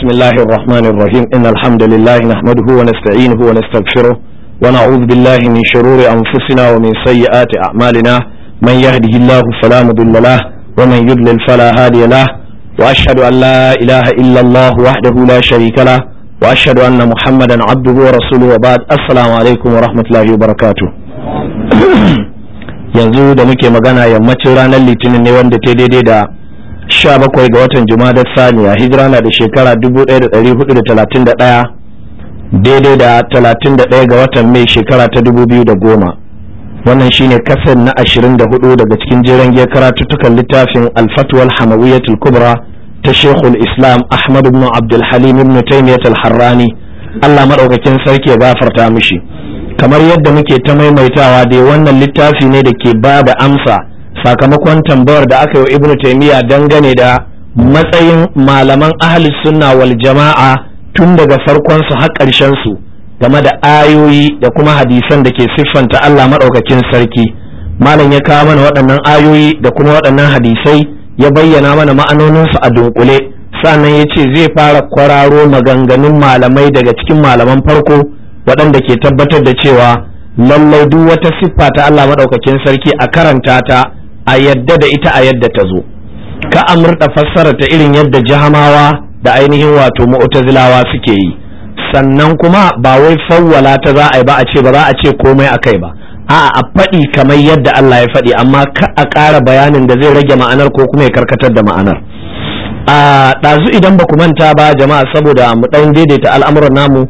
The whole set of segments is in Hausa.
بسم الله الرحمن الرحيم إن الحمد لله نحمده ونستعينه ونستغفره ونعوذ بالله من شرور أنفسنا ومن سيئات أعمالنا من يهده الله فلا مضل له ومن يضلل فلا هادي له وأشهد أن لا إله إلا الله وحده لا شريك له وأشهد أن محمدا عبده ورسوله وبعد السلام عليكم ورحمة الله وبركاته yanzu da muke magana yammacin ranar litinin ne wanda ta daidai da sha bakwai ga watan jumadar saniya hijira na da shekara 1431 daidai da 31 ga watan mai shekara ta 2010 wannan shine kasar na 24 daga cikin jiran giyar karatuttukan littafin alfatuwal hamawiyatul kubra ta shekul islam ahmad ibn abdulhalim ibn taimiyat harrani allah maɗaukakin sarki ya gafarta mishi kamar yadda muke ta maimaitawa dai wannan littafi ne da ke ba da amsa sakamakon tambawar da aka yi wa ibnu taimiyya dangane da matsayin malaman ahli sunna wal jama'a tun daga farkon su har ƙarshen su game da ayoyi da kuma hadisan da ke siffanta Allah maɗaukakin sarki malam ya kawo mana waɗannan ayoyi da kuma waɗannan hadisai ya bayyana mana ma'anonin su a dunkule sannan ya ce zai fara kwararo maganganun malamai daga cikin malaman farko waɗanda ke tabbatar da cewa lallai duk wata siffa ta Allah maɗaukakin sarki a karanta ta a yadda da ita a yadda ta zo ka a murɗa fassara ta irin yadda jahamawa da ainihin wato mu'tazilawa suke yi sannan kuma ba wai fawwala ta za a yi ba a ce ba za a ce komai a kai ba a a faɗi kamar yadda Allah ya faɗi amma ka a ƙara bayanin da zai rage ma'anar ko kuma ya karkatar da ma'anar a ɗazu idan ba ku manta ba jama'a saboda mu ɗan daidaita al'amuran namu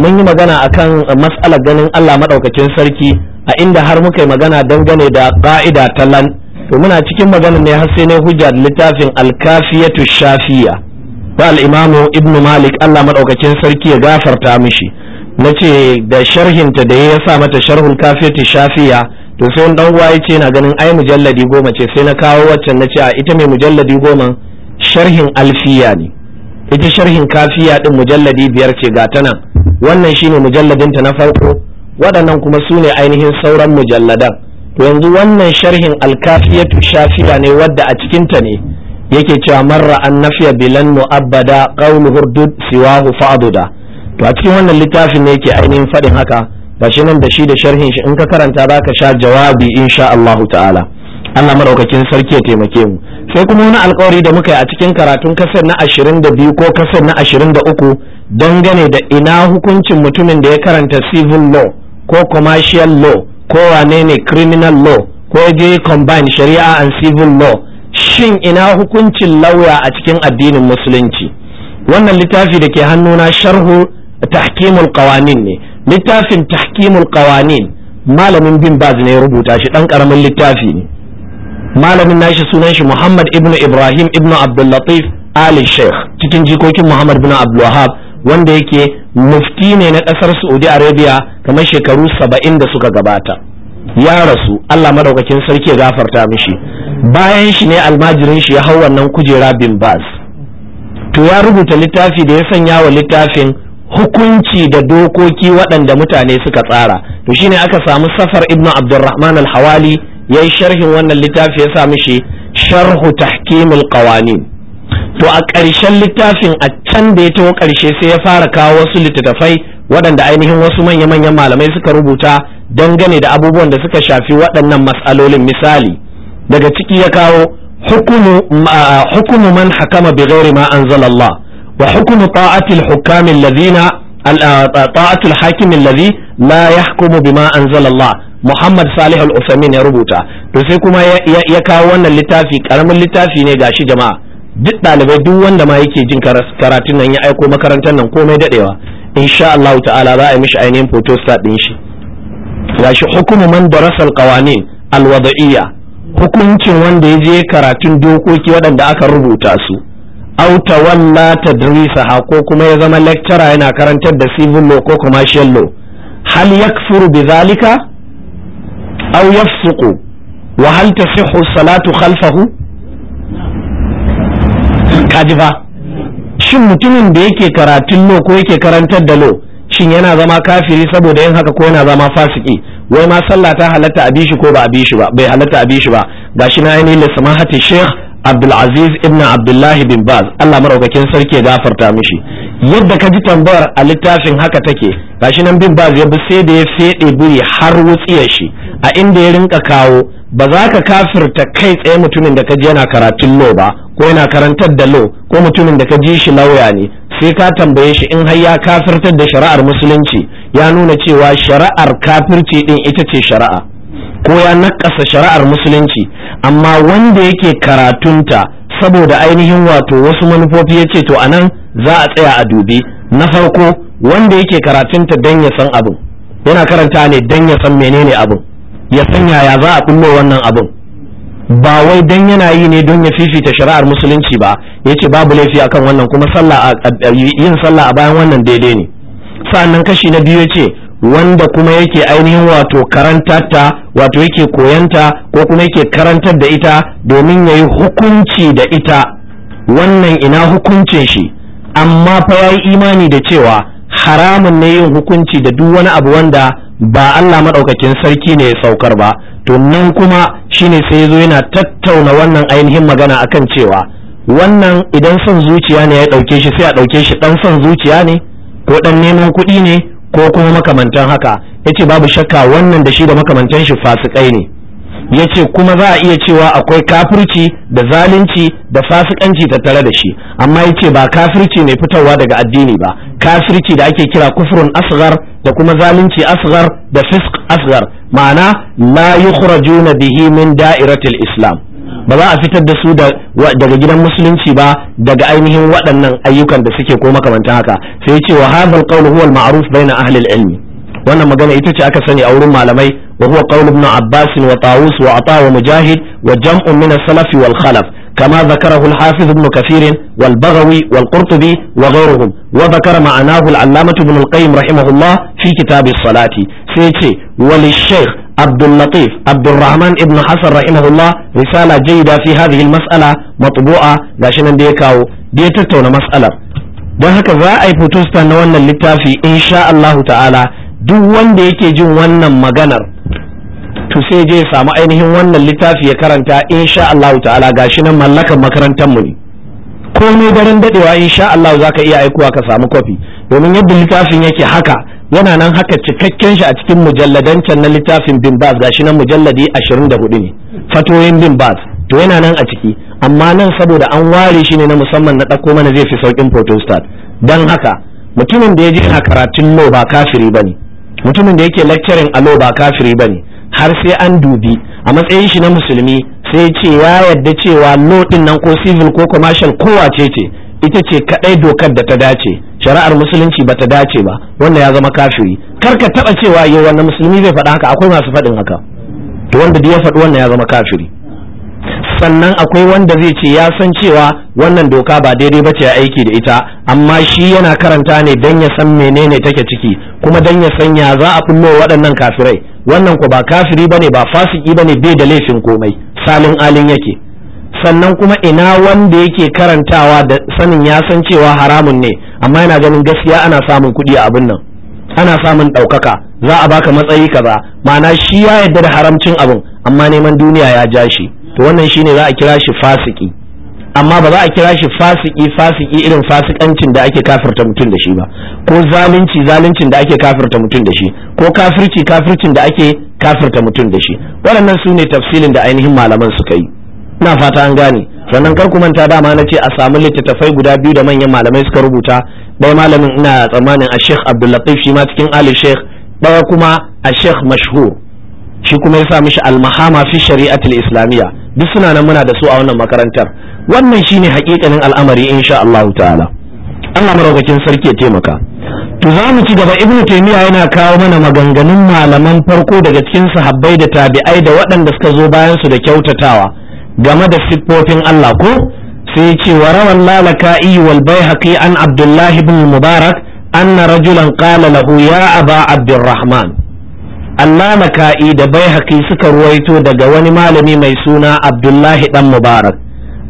mun yi magana akan matsalar ganin Allah maɗaukacin sarki a inda har muka yi magana dangane da ƙa'ida ta to muna cikin maganar ne har sai ne hujja da littafin alkafiyatu shafiya al imamu ibn malik allah maɗaukacin sarki ya gafarta mishi nace ce da sharhinta da ya sa mata sharhul kafiyatu shafiya to sai dan uwa ya ce na ganin ai mujalladi goma ce sai na kawo waccan nace a ita mai mujalladi goma sharhin alfiya ne ita sharhin kafiya din mujalladi biyar ce ga ta nan wannan shine mujalladinta na farko waɗannan kuma su ne ainihin sauran mujalladan yanzu wannan sharhin alkafiyatu shafiya ne wadda a cikinta ne yake cewa marra an nafiya bilan mu'abbada qawlu hurdud siwahu fa'duda to a cikin wannan littafin ne yake ainihin fadin haka ba shi nan da shi da sharhin shi in ka karanta za ka sha jawabi insha Allahu ta'ala Allah maraukakin sarki ya taimake mu sai kuma wani alkawari da muka yi a cikin karatun kasar na 22 ko kasar na 23 dangane da ina hukuncin mutumin da ya karanta civil law ko commercial law ko wane ne criminal law ko je combine shari'a and civil law shin ina hukuncin lauya a cikin addinin musulunci wannan littafi da ke hannuna sharhu tahkimul qawanin ne littafin tahkimul qawanin malamin bin baz ne ya rubuta shi dan karamin littafi ne malamin nashi sunan shi Muhammad ibnu Ibrahim ibnu Abdul Latif Ali Sheikh cikin jikokin Muhammad bin Abdul Wahab wanda yake mufti ne na ƙasar saudi arabia kamar shekaru saba'in da suka gabata ya rasu allah madaukakin sarki ya gafarta mishi bayan shi ne almajirin shi ya hau wannan kujera bin bas to ya rubuta littafi da ya sanya wa littafin hukunci da dokoki waɗanda mutane suka tsara to shine aka samu safar ibnu Abdulrahman al-hawali ya yi sharhin wannan littafi ya sa mishi sharhu tahkimul qawanin to a ƙarshen littafin a can da ya taho ƙarshe sai ya fara kawo wasu littattafai waɗanda ainihin wasu manya-manyan malamai suka rubuta dangane da abubuwan da suka shafi waɗannan matsalolin misali daga ciki ya kawo hukumu man hakama bi ghairi ma anzalallah wa hukumu ta'atil hukamin ladina ta'atul hakimin ladhi la yahkumu bima anzalallah Muhammad Salih al ya rubuta to sai kuma ya kawo wannan littafi karamin littafi ne gashi jama'a duk ɗalibai duk wanda ma yake jin karatun nan ya aiko makarantar nan komai daɗewa insha Allah ta'ala za a yi mishi ainihin start ɗin shi gashi hukumu man darasa alqawanin alwada'iyya hukuncin wanda ya je karatun dokoki waɗanda aka rubuta su auta walla ha ko kuma ya zama lecturer yana karantar da civil law ko commercial law hal yakfuru bidhalika aw yafsuqu wa hal tasihhu salatu khalfahu kaji fa shin mutumin da yake karatun lo ko yake karantar da lo shin yana zama kafiri saboda yin haka ko yana zama fasiki wai ma sallah ta halatta a bishi ko ba a bishi ba bai halatta a bishi ba gashi na ainihin da samahati sheikh abdulaziz ibn abdullahi bin baz allah maraukakin sarki ya gafarta mishi yadda ka ji tambayar a littafin haka take gashi nan bin baz ya bi sai da ya fede biri har wutsiyar shi a inda ya rinka kawo ba za ka kafirta kai tsaye mutumin da ka ji yana karatun lo ba ko yana karantar da lo ko mutumin da ka ji shi lauya ne sai ka tambaye shi in har ya kafirtar da shari'ar musulunci ya nuna cewa shari'ar kafirci din ita ce shari'a ko ya nakasa shari'ar musulunci amma wanda yake karatunta saboda ainihin wato wasu manufofi ya ce to anan za a tsaya a dubi na farko wanda yake karatunta don ya san abin yana karanta ne don ya san menene abin ya sanya ya za a kullo wannan abin ba wai dan yana yi ne don ya fifita shari'ar musulunci ba ya ce babu laifi akan wannan kuma sallah yin sallah a bayan wannan daidai ne nan kashi na biyu ya ce wanda kuma yake ainihin wato karantarta wato yake koyanta ko kuma yake karantar da ita domin ya yi hukunci da ita wannan ina hukuncin shi amma fa ya yi imani da cewa haramun ne yin hukunci da duk wani abu wanda ba Allah maɗaukakin sarki ne ya saukar ba to nan kuma shine sai ya yana tattauna wannan ainihin magana akan cewa wannan idan son zuciya ne ya ɗauke shi sai a ɗauke shi ɗan son zuciya ne ko ɗan neman kuɗi ne ko kuma makamantan haka yace babu shakka wannan da shi da makamantan shi fasikai ne ya ce kuma za a iya cewa akwai kafirci da zalunci da fasikanci tattare da shi amma ya ce ba kafirci mai fitowa daga addini ba kafirci da ake kira kufrun asgar da kuma zalunci asgar da fisk asgar ma'ana la yukhrajuna bihi min da'iratil islam ba za a fitar da su daga gidan musulunci ba daga ainihin waɗannan ayyukan da suke ko makamantan haka sai ya ce wa hadha al-qawl huwa al-ma'ruf bayna ahli al-ilmi wannan magana ita ce aka sani a wurin malamai wa huwa qawl ibn abbas wa tawus wa ata wa mujahid wa jam'un min as-salaf wal khalaf كما ذكره الحافظ ابن كثير والبغوي والقرطبي وغيرهم وذكر معناه العلامة ابن القيم رحمه الله في كتاب الصلاة سيتي وللشيخ عبد اللطيف عبد الرحمن ابن حسن رحمه الله رسالة جيدة في هذه المسألة مطبوعة لشان ديكاو ديتتون مسألة don haka za a yi protestant na wannan littafi insha Allahu ta'ala duk wanda yake jin wannan maganar to sai je ya samu ainihin wannan littafi ya karanta insha Allah ta'ala gashi nan mallakan makarantar mu ne komai daren dadewa insha Allah ka iya aikuwa ka samu kofi domin yadda littafin yake haka yana nan haka cikakken shi a cikin mujalladan can na littafin bin bas gashi nan mujalladi 24 ne fatoyin bin bas to yana nan a ciki amma nan saboda an ware shi ne na musamman na ɗauko mana zai fi saukin photostat Dan haka mutumin da ya je yana karatun no ba kafiri bane mutumin da yake lecturing alo ba kafiri ba ne har sai an dubi a matsayin shi na musulmi sai ce ya yarda cewa lo din nan ko civil ko commercial ko wace ce ita ce kadai dokar da ta dace shari'ar musulunci ba ta dace ba wannan ya zama kafiri kar ka taba cewa yau wannan musulmi zai faɗa haka akwai masu faɗin haka to wanda duk ya faɗi wannan ya zama kafiri sannan akwai wanda zai ce ya san cewa wannan doka ba daidai ba ce ya aiki da ita amma shi yana karanta ne don ya san menene take ciki kuma don ya san ya za a kullo waɗannan kafirai wannan ku ba kafiri ne ba fasiki bane bai da laifin komai salin alin yake sannan kuma ina wanda yake karantawa da sanin ya san cewa haramun ne amma yana ganin gaskiya ana samun kuɗi a abin nan ana samun ɗaukaka za a baka matsayi kaza ma'ana shi ya yarda da haramcin abin amma neman duniya ya ja shi to wannan shine za a kira shi fasiki amma ba za a kira shi fasiki fasiki irin fasikancin da ake kafirta mutum da shi ba ko zalunci zaluncin da ake kafirta mutum da shi ko kafirci kafircin da ake kafirta mutum da shi waɗannan su ne tafsilin da ainihin malaman suka yi ina fata an gane sannan kar ku manta dama na ce a samu littattafai guda biyu da manyan malamai suka rubuta ɗaya malamin ina tsammanin a sheikh abdullatif shi ma cikin ali sheikh ɗaya kuma a sheikh mashhur shi kuma ya sa mishi almahama fi shari'atul islamiyya duk suna nan muna da su a wannan makarantar wannan shine hakikanin al'amari insha Allah ta'ala Allah maraukakin sarki ya taimaka to za mu ci gaba ibnu taymiya yana kawo mana maganganun malaman farko daga cikin sahabbai da tabi'ai da waɗanda suka zo bayan su da kyautatawa game da siffofin Allah ko sai ce wa rawan lalaka'i wal baihaqi an abdullahi ibn mubarak anna rajulan qala lahu ya aba abdurrahman allama ka'i da bai suka ruwaito daga wani malami mai suna abdullahi dan mubarak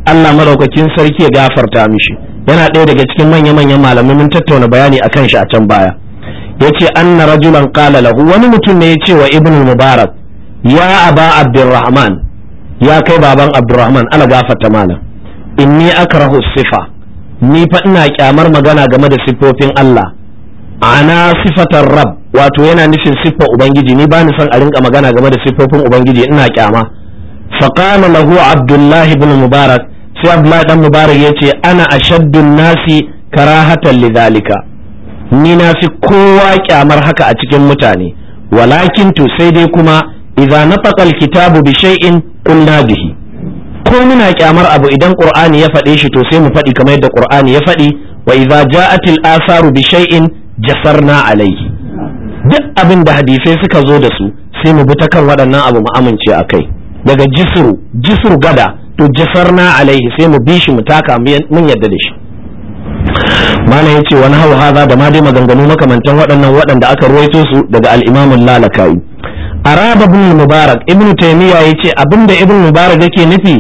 allah maraukakin sarki ya gafarta mishi yana ɗaya daga cikin manya-manyan malamai mun tattauna bayani a kan shi a can baya ya ce anna rajulan qala lahu wani mutum ne ya ce wa ibnu mubarak ya aba abdurrahman ya kai baban abdurrahman ala gafarta malam inni rahu sifa ni fa ina kyamar magana game da siffofin allah ana sifatar rab wato yana nufin siffar ubangiji ni bani son a rinka magana game da siffofin ubangiji ina kyama faqala lahu abdullahi ibn mubarak sai abdullahi dan mubarak yace ana ashaddun nasi karahatan lidhalika ni na fi kowa kyamar haka a cikin mutane walakin to sai dai kuma idza nafaqa alkitabu bi shay'in qulna bihi ko muna kyamar abu idan qur'ani ya faɗe shi to sai mu faɗi kamar yadda qur'ani ya faɗi wa idza ja'atil asaru bi shay'in jasarna alayhi duk abin da hadisai suka zo da su sai mu bi ta kan waɗannan abu mu amince a kai daga jisru jisru gada to na alaihi sai mu bi shi mu taka mun yadda da shi mana ce wani hawa haza da ma dai maganganu makamantan waɗannan waɗanda aka ruwaito su daga al-Imam al-Lalaka'i araba ibn mubarak ibn taymiya ce abinda ibn mubarak yake nufi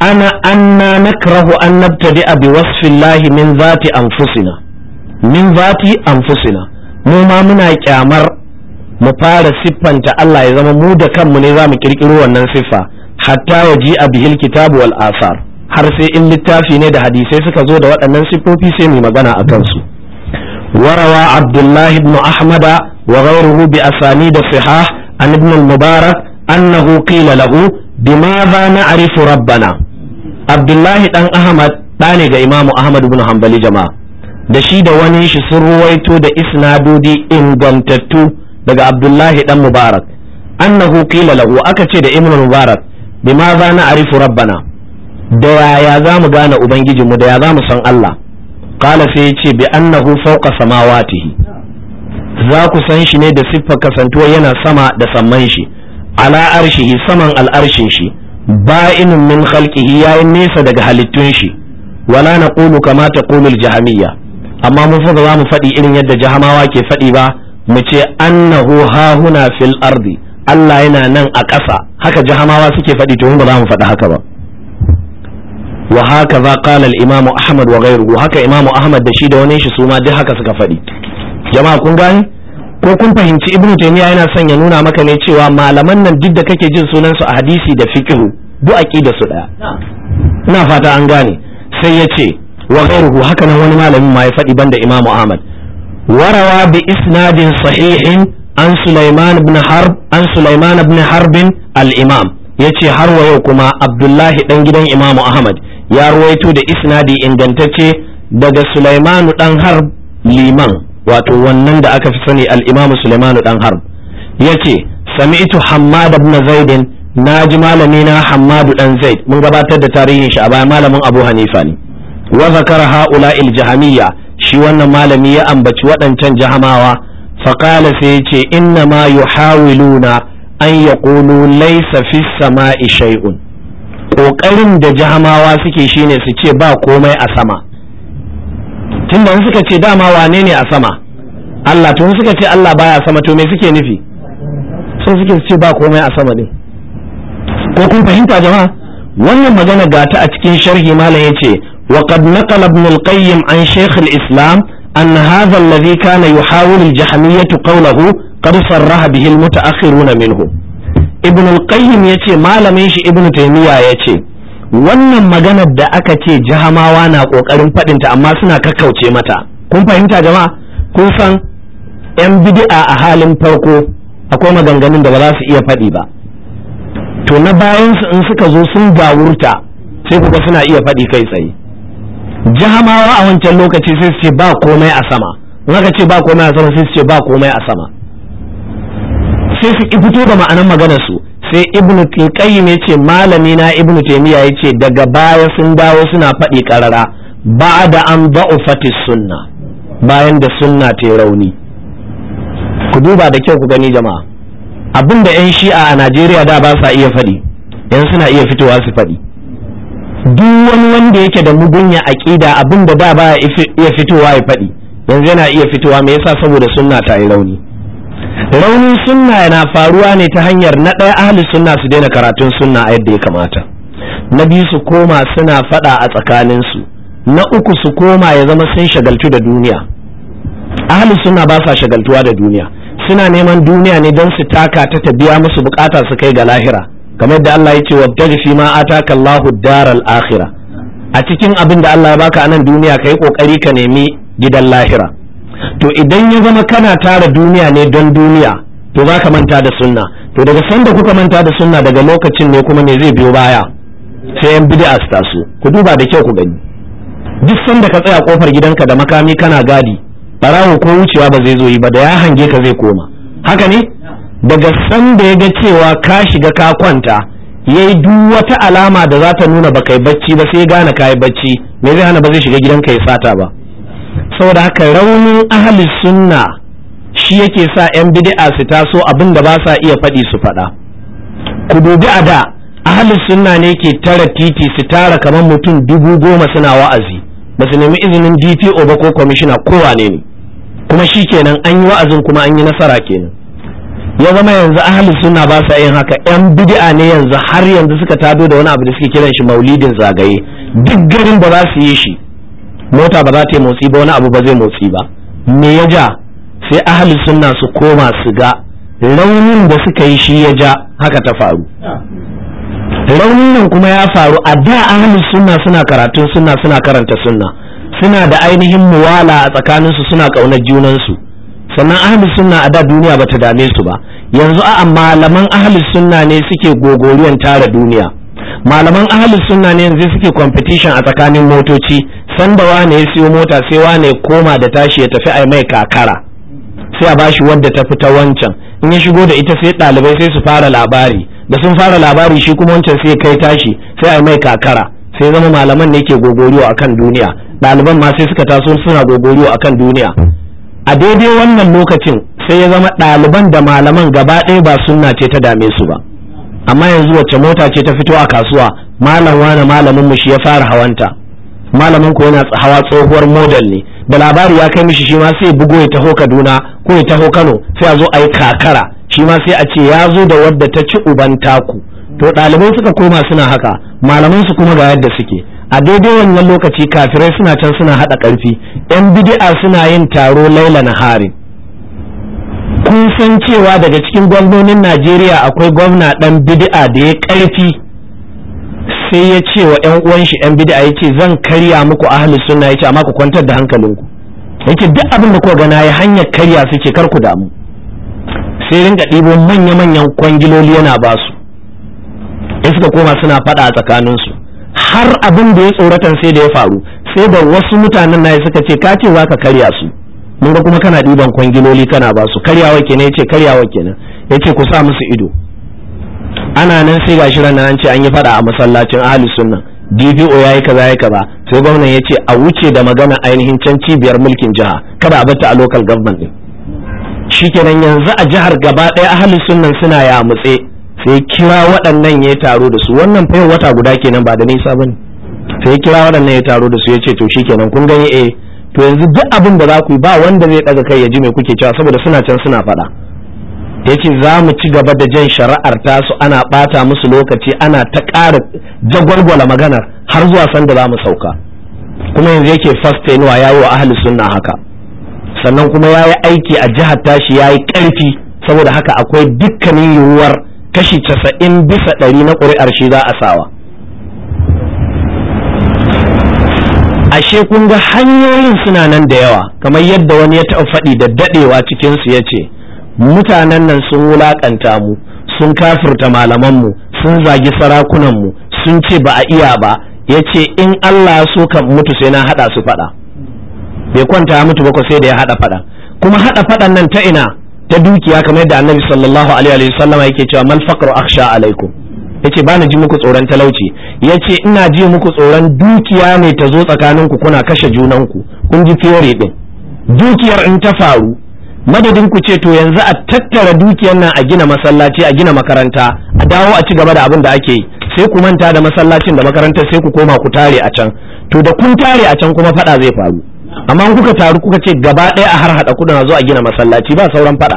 ana anna nakrahu an nabtadi bi wasfillahi min zati anfusina min zati anfusina mu ma muna kyamar mu fara siffanta Allah ya zama mu da kanmu ne za mu kirkiro wannan siffa hatta waji a bihil kitabu wal asar har sai in littafi ne da hadisai suka zo da waɗannan siffofi sai mu magana a kansu warawa abdullahi ibn ahmada wa ghayruhu bi asani da siha an ibn al-mubarak annahu qila lahu bimadha na'rifu rabbana abdullahi dan ahmad ɗa ne ga imamu ahmad ibn hanbali jama'a da shi da wani shi sun ruwaito da isnadodi ingantattu daga abdullahi dan mubarak annahu qila lahu aka ce da ibnu mubarak bima za na arifu rabbana da yaya za mu gane ubangijinmu da ya za mu san Allah qala sai ce bi annahu fawqa samawatihi za ku san shi ne da siffar kasantuwa yana sama da samman shi ala arshihi saman al'arshin shi ba'inun min khalqihi yayin nesa daga halittun shi wala naqulu kama taqulu al-jahmiyya amma mun fi za mu faɗi irin yadda jahamawa ke faɗi ba mu ce annahu hahuna fil ardi Allah yana nan a ƙasa haka jahamawa suke faɗi to mun ba za mu faɗi haka ba wa haka za qala al imamu ahmad wa ghayruhu haka imamu ahmad da shi da wani shi suma duk haka suka faɗi jama'a kun gane ko kun fahimci ibnu taymiya yana son ya nuna maka ne cewa malaman nan duk da kake jin sunan su a hadisi da fiqh duk aqida su ɗaya ina fata an gane sai ya ce wa ghairuhu haka nan wani malamin ma ya faɗi banda imam ahmad warawa bi isnadin sahihin an sulaiman ibn harb an sulaiman ibn harbin al-imam yace har wa yau kuma abdullahi dan gidan imam ahmad ya ruwaito da isnadi ingantacce daga sulaiman dan harb liman wato wannan da aka fi sani al-imamu sulaimanu dan harb yace sami'tu hammad ibn zaid na ji malami na hammadu dan zaid mun gabatar da tarihin shi a baya malamin abu hanifa ne wa zakara haula il jahamiyya shi wannan malami ya ambaci waɗancan jahamawa faqala sai yace inna ma yuhawiluna an yaqulu laysa fi sama'i shay'un kokarin da jahamawa suke shine su ce ba komai a sama Tun da suka ce dama wane ne a sama Allah to suka ce Allah baya sama to me suke nufi So suke su ce ba komai a sama ne? ko kun fahimta jama'a wannan magana ga ta a cikin sharhi malam yace وقد نقل ابن القيم عن شيخ الإسلام أن هذا الذي كان يحاول الجهمية قوله قد صرح به المتأخرون منه ابن القيم يتي ما لميش ابن تيمية يتي wannan maganar da aka ce jahamawa na ƙoƙarin faɗinta amma suna kakkauce mata kun fahimta jama'a kun san 'yan bidi'a a halin farko akwai maganganun da ba za su iya faɗi ba to na bayansu in suka zo sun gawurta sai kuka suna iya faɗi kai tsaye jahamawa a wancan lokaci sai su ce ba komai a sama in aka ce ba komai a sama sai su ce ba komai a sama sai su ki fito da ma'anan maganar su sai ibnu qayyim ce malami na ibnu taymiya ce daga baya sun dawo suna faɗi karara da an da'ufati sunna bayan da sunna ta rauni ku duba da kyau ku gani jama'a abinda yan shi'a a Najeriya da ba sa iya faɗi yan suna iya fitowa su faɗi duk wani wanda yake da mugunya aqida abin da da baya iya fitowa ya faɗi yanzu yana iya fitowa me yasa saboda sunna ta yi rauni raunin sunna yana faruwa ne ta hanyar na ɗaya ahli sunna su daina karatun sunna a yadda ya kamata na biyu su koma suna faɗa a tsakaninsu na uku su koma ya zama sun shagaltu da duniya ahli sunna ba sa shagaltuwa da duniya suna neman duniya ne don su taka ta ta musu bukata su kai ga lahira kamar da Allah ya ce wabtaghi shi ma ataka Allahu daral akhirah a cikin abin da Allah ya baka a nan duniya kai kokari ka nemi gidan lahira to idan ya zama kana tara duniya ne don duniya to za ka manta da sunna to daga sanda kuka manta da sunna daga lokacin ne kuma ne zai biyo baya sai yan bid'a su taso ku duba da kyau ku gani duk sanda ka tsaya kofar gidanka da makami kana gadi barawo ko wucewa ba zai zo yi ba da ya hange ka zai koma haka ne daga san da ya ga cewa ka shiga ka kwanta ya yi duk wata alama da za ta nuna ba kai bacci ba sai gane ka yi bacci me zai hana ba zai shiga gidanka ya sata ba saboda haka raunin ahalis sunna shi yake sa 'yan bid'a su taso abin da ba sa iya faɗi su faɗa ku dubi a da ahalis sunna ne ke tara titi su tara kamar mutum dubu goma suna wa'azi ba su nemi izinin dto ba ko kwamishina kowane ne kuma shi kenan an yi wa'azin kuma an yi nasara kenan ya zama yanzu ahli suna ba sa yin haka yan bid'a ne yanzu har yanzu suka tado da wani abu da suke kiran shi maulidin zagaye duk garin ba za su yi shi mota ba za ta yi motsi ba wani abu ba zai motsi ba me ya ja sai ahli sunna su koma su ga raunin da suka yi shi ya ja haka ta faru raunin nan kuma ya faru a da ahli sunna suna karatun sunna suna karanta sunna suna da ainihin muwala a tsakaninsu suna ƙaunar junansu sannan ahli sunna a da duniya bata dame su ba yanzu a malaman ahli sunna ne suke gogoriyan tara duniya malaman ahli sunna ne yanzu suke competition a tsakanin motoci sanda wane ya siyo mota sai wane koma da tashi ya tafi ai mai kakara sai a bashi wadda ta fita wancan in ya shigo da ita sai ɗalibai sai su fara labari da sun fara labari shi kuma wancan sai kai tashi sai ai mai kakara sai zama malaman ne ke gogoriyo akan duniya ɗaliban ma sai suka taso suna gogoriyo akan duniya a daidai wannan lokacin sai ya zama ɗaliban da malaman gaba ɗaya ba sunna ce ta dame su ba amma yanzu wacce mota ce ta fito a kasuwa malam wani malamin mu shi ya fara hawanta malamin ko yana hawa tsohuwar model ne da labari ya kai mishi shi ma sai bugo ya taho Kaduna ko ya taho Kano sai a zo a yi kakara shi ma sai a ce ya zo da wadda ta ci uban taku to ɗalibai suka koma suna haka malaman su kuma ga yadda suke a daidai wannan lokaci kafirai suna can suna haɗa karfi yan bidi'a suna yin taro laila na hari kun san cewa daga cikin gwamnonin najeriya akwai gwamna ɗan bidi'a da ya karfi sai ya ce wa yan uwan shi yan bidi'a ya ce zan karya muku ahli sunna ya ce amma ku kwantar da hankalinku yake duk abin da kuka gana ya hanyar karya suke kar ku damu sai ringa ɗibo manya-manyan kwangiloli yana basu in suka koma suna faɗa a tsakaninsu har abin da ya tsoratan sai da ya faru sai da wasu mutanen na suka ce ka ce ka karya su mun ga kuma kana diban kwangiloli kana ba su karyawa kenan yace karyawa kenan yace ku sa musu ido ana nan sai gashi ran an ce an yi fada a masallacin ahli sunna DPO yayi kaza yayi kaza sai gwamnan yace a wuce da magana ainihin can cibiyar mulkin jiha kada a bata a local government din shikenan yanzu a jihar gaba ɗaya ahli sunnan suna ya mutse. sai kira waɗannan ya taro da su wannan fayin wata guda kenan ba da nisa bane sai kira waɗannan ya taro da su ya ce to shikenan kun gani eh to yanzu duk abin da za ku yi ba wanda zai ɗaga kai ya ji mai kuke cewa saboda suna can suna faɗa ya ce za mu ci gaba da jan shari'ar tasu ana ɓata musu lokaci ana ta ƙara jagwalgwala maganar har zuwa sanda za mu sauka kuma yanzu yake fastenuwa ya yi wa ahli sunna haka sannan kuma ya yi aiki a jihar tashi ya yi ƙarfi saboda haka akwai dukkanin yiwuwar kashi casa'in bisa ɗari na ƙuri'ar shi za a sawa ashe kun ga hanyoyin suna nan da yawa kamar yadda wani ya taɓa faɗi da daɗewa cikinsu ya ce mutanen nan sun wulaƙanta mu sun kafirta malamanmu sun zagi sarakunanmu sun ce ba a iya ba ya ce in Allah so kan mutu sai na haɗa su faɗa bai kwanta mutu ba sai da ya haɗa faɗa kuma haɗa faɗan nan ta ina ta dukiya kamar yadda annabi sallallahu alaihi yake cewa mal faqru akhsha alaikum yace ba na ji muku tsoron talauci yace ina ji muku tsoron dukiya ne ta zo tsakanin ku kuna kashe junan ku kun ji fiyare din dukiyar in ta faru madadin ku ce to yanzu a tattara dukiyar nan a gina masallaci a gina makaranta a dawo a ci gaba da abin da ake yi sai ku manta da masallacin da makarantar sai ku koma ku tare a can to da kun tare a can kuma fada zai faru amma kuka taru kuka ce gaba ɗaya a har haɗa kuɗin a zo a gina masallaci ba sauran faɗa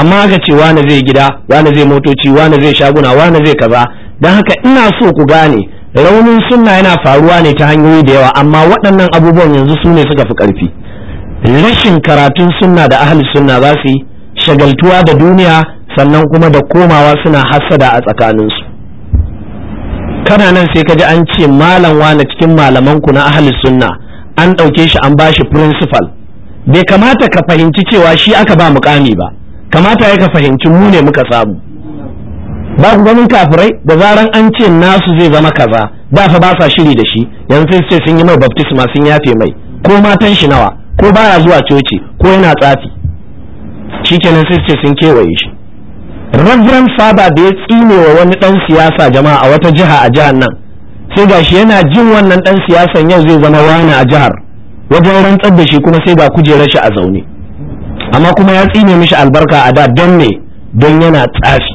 amma aka ce wane zai gida wane zai motoci wane zai shaguna wane zai kaza don haka ina so ku gane raunin sunna yana faruwa ne ta hanyoyi da yawa amma waɗannan abubuwan yanzu su ne suka fi ƙarfi rashin karatun sunna da ahli sunna za su yi shagaltuwa da duniya sannan kuma da komawa suna hassada a tsakaninsu kana nan sai ka ji an ce malam wane cikin malamanku na ahli sunna an ɗauke shi an bashi principal bai kamata ka fahimci cewa shi aka ba mukami ba kamata ya ka fahimci mu ne muka samu ba ku ganin kafirai da zaran an ce nasu zai zama kaza da fa ba sa shiri da shi yanzu sai sun yi mai baptisma sun yafe mai ko matan shi nawa ko baya zuwa coci ko yana tsafi shikenan sai ce sun kewaye shi Reverend saba da ya tsine wa wani dan siyasa jama'a a wata jiha a jihar nan sai gashi yana jin wannan dan siyasan yau zai zama wani a jihar wajen rantsar da shi kuma sai ga kujerar shi a zaune amma kuma ya tsine mishi albarka a da don ne don yana tsafi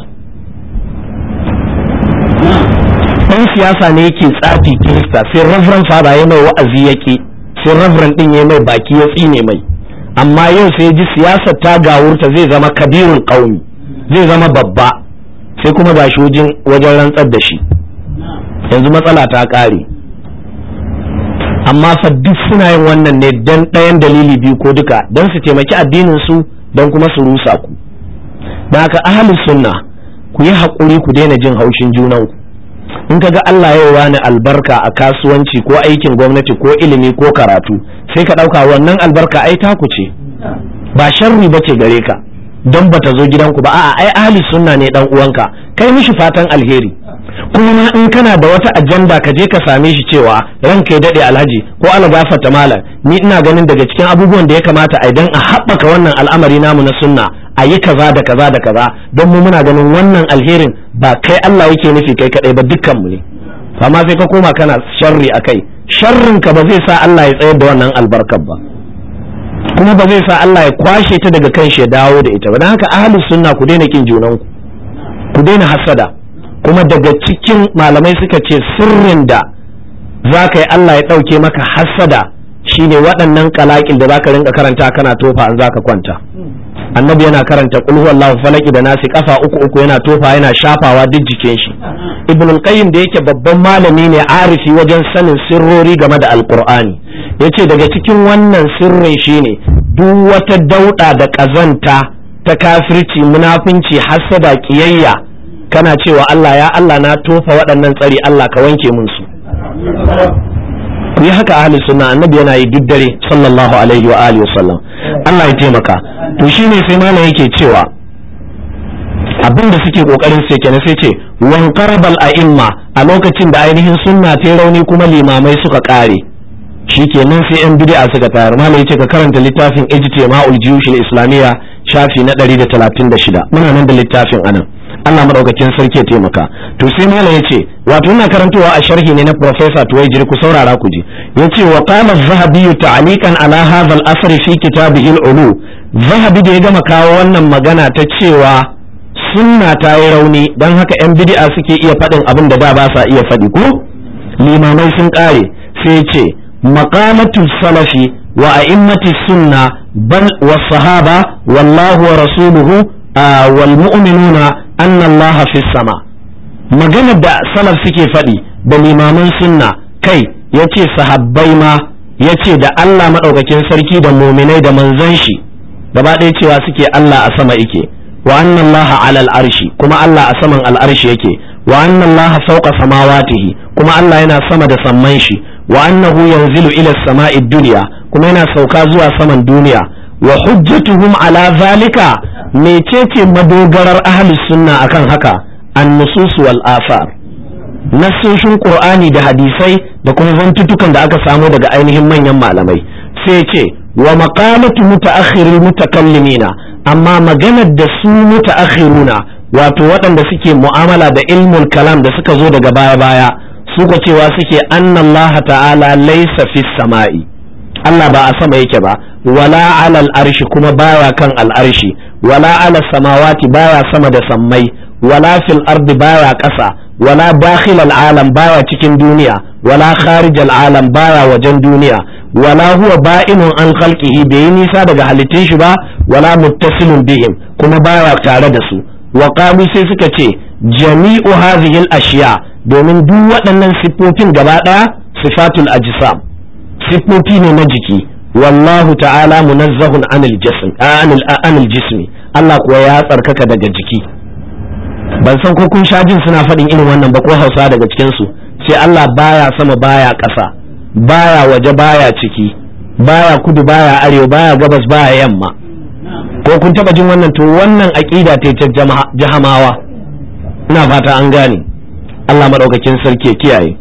dan siyasa ne yake tsafi kirista sai reverend fada ya mai wa'azi yake sai reverend din ya mai baki ya tsine mai amma yau sai ji siyasa ta gawurta zai zama kabirin kauni zai zama babba sai kuma gashi wajen rantsar da shi yanzu matsala ta ƙare amma fa duk suna yin wannan ne don ɗayan dalili biyu ko duka don su taimaki addinin su don kuma su rusa ku da haka ahli sunna ku yi haƙuri ku daina jin haushin junan ku in ka ga Allah yau wani albarka a kasuwanci ko aikin gwamnati ko ilimi ko karatu sai ka ɗauka wannan albarka ai taku ce ba sharri ba ce gare ka don ba ta zo gidanku ba a'a ai ahli sunna ne dan uwanka kai mishi fatan alheri kuma in kana da wata ajanda ka je ka same shi cewa ranka ya dade alhaji ko ala malam ni ina ganin daga cikin abubuwan da ya kamata a idan a haɓaka wannan al'amari namu na sunna a yi kaza da kaza da kaza don mu muna ganin wannan alherin ba kai Allah yake nufi kai kadai ba dukkan mu ne amma sai ka koma kana sharri akai sharrin ka ba zai sa Allah ya tsayar da wannan albarkar ba kuma ba zai sa Allah ya kwashe ta daga kan shi ya dawo da ita ba don haka ahlus sunna ku daina kin junanku ku daina hasada kuma daga cikin malamai suka ce sirrin da za ka yi Allah ya ɗauke maka hasada Shi ne waɗannan kalaƙin da za ka rinka karanta kana tofa in ka kwanta annabi yana karanta qul huwallahu falaki da nasi kafa uku uku yana tofa yana shafawa duk jikin shi ibn qayyim da yake babban malami ne arifi wajen sanin sirrori game da alqur'ani yace daga cikin wannan sirrin shine duk wata dauda da kazanta ta kafirci munafinci hasada kiyayya kana cewa Allah ya Allah na tofa waɗannan tsari Allah ka wanke mun su ku yi haka ahlus sunna annabi yana yi duk dare sallallahu alaihi wa alihi wasallam Allah ya taimaka to shi ne sai malam yake cewa abinda suke kokarin sai kenan sai ce wan qarabal a'imma a lokacin da ainihin sunna ta rauni kuma limamai suka kare shi shikenan sai yan bid'a suka tayar malam yace ka karanta littafin ijtima'ul jiyush al-islamiyya shafi na 136 muna nan da littafin anan Allah madaukakin sarki ya taimaka to sai malam yace wato ina karantawa a sharhi ne na professor Tuwaijir ku saurara ku ji yace wa qala az-zahabi ta'alikan ala hadha al-asr fi kitabihi al-ulu zahabi da ya gama kawo wannan magana ta cewa sunna ta yi rauni dan haka yan bid'a suke iya faɗin abin da da ba sa iya faɗi ko limamai sun ƙare sai yace maqamatu salafi wa a'immati sunna bal wa sahaba wallahu wa rasuluhu wal mu'minuna anna allaha fi sama magana da salaf suke faɗi da limaman sunna kai yace sahabbai ma yace da Allah maɗaukakin sarki da mu'minai da manzan shi gaba ɗaya cewa suke Allah a sama yake wa anna allaha ala kuma Allah a saman al'arshi yake wa anna allaha fawqa samawatihi kuma Allah yana sama da samman shi wa annahu yanzilu ila sama'id duniya kuma yana sauka zuwa saman duniya wa hujjatuhum ala zalika mecece madogarar ahlus sunna akan haka annusus wal afar nassoshin qur'ani da hadisai da kuma zantutukan da aka samu daga ainihin manyan malamai sai ce wa maqamatu mutaakhiril mutakallimina amma maganar da su mutaakhiruna wato waɗanda suke mu'amala da ilmul kalam da suka zo daga baya baya su suka cewa suke annallaha ta'ala laysa fis sama'i Allah ba a sama yake ba wala alal arshi kuma baya kan al'arshi wala ala samawati baya sama da sammai wala fil ardi baya ƙasa wala dakhil alam baya cikin duniya wala kharij alam baya wajen duniya wala huwa ba'inun an khalqihi bai nisa daga halittun shi ba wala muttasilun bihim kuma baya tare da su wa sai suka ce jami'u hadhihi al ashiya domin duk waɗannan siffofin gaba ɗaya sifatul ajsam siffofi ne na jiki wallahu ta'ala munazzahun anil jism anil anil jismi Allah kuwa ya tsarkaka daga jiki ban san ko kun sha jin suna faɗin irin wannan ba ko Hausa daga cikin su sai Allah baya sama baya ƙasa baya waje baya ciki baya kudu baya arewa baya gabas baya yamma ko kun taba jin wannan to wannan aqida ta ce jahamawa ina fata an gane Allah madaukakin sarki kiyaye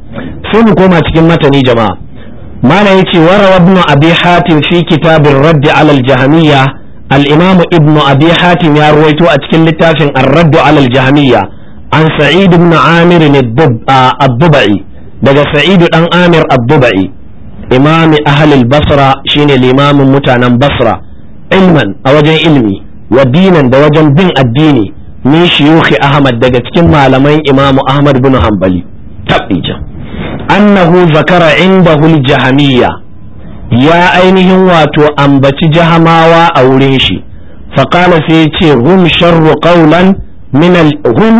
sai mu koma cikin matani jama'a mana yace warawa ibn abi hatim fi kitabin raddi alal al jahmiyya al imamu ibn abi hatim ya ruwaito a cikin littafin ar-radd ala al an sa'id ibn amir ad-dubai daga sa'id dan amir ad-dubai imam ahli al-basra shine limamin mutanen basra ilman a wajen ilmi wa dinan da wajen bin addini min shiyukhi ahmad daga cikin malaman imamu ahmad bin hanbali tabbija annahu zakara indahul jahamiyya ya ainihin wato ambaci jahamawa a wurin shi faƙala sai ce hum sharru qawlan min al hum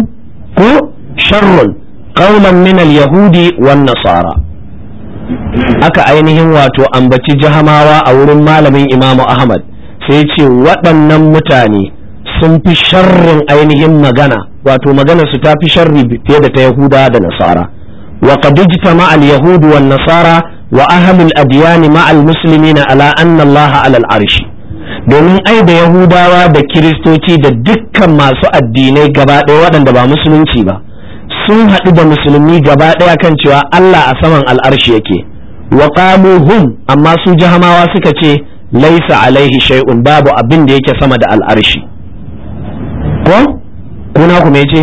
ko sharrun qawlan min al yahudi wan nasara aka ainihin wato ambaci jahamawa a wurin malamin imamu ahmad sai ce waɗannan mutane sun fi sharrin ainihin magana wato magana su ta fi sharri fiye da ta yahuda da nasara وقد اجتمع اليهود والنصارى وأهل الأديان مع المسلمين على أن الله على العرش domin ai da yahudawa da kiristoci da dukkan masu addinai gabaɗaya waɗanda ba musulunci ba sun haɗu da musulmi gaba ɗaya kan cewa Allah a saman al'arshi yake wa hum amma su jahamawa suka ce laisa alaihi shay'un babu abin da yake sama da al'arshi ko kuna me yace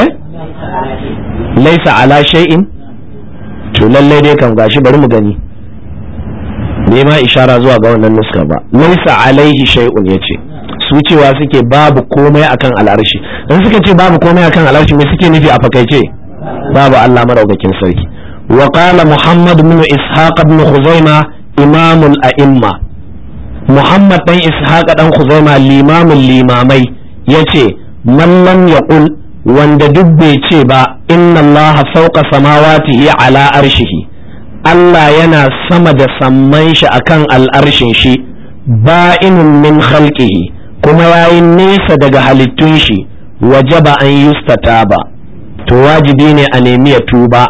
eh laisa ala shay'in to lallai dai kan gashi bari mu gani bai ma ishara zuwa ga wannan nuska ba laisa alaihi shay'un yace su cewa suke babu komai akan al'arshi in suka ce babu komai akan al'arshi me suke nufi a fakaice babu Allah madaukakin sarki wa qala muhammad ibn ishaq ibn khuzaima imamul a'imma muhammad dan ishaq dan khuzaima limamul limamai yace man lam yaqul wanda duk bai ce ba inna allaha fawqa samawati ala arshihi Allah yana sama da samman shi akan al'arshin shi ba'inun min khalqihi kuma yayin nesa daga halittun shi wajaba an yustata ba to wajibi ne a nemi ya tuba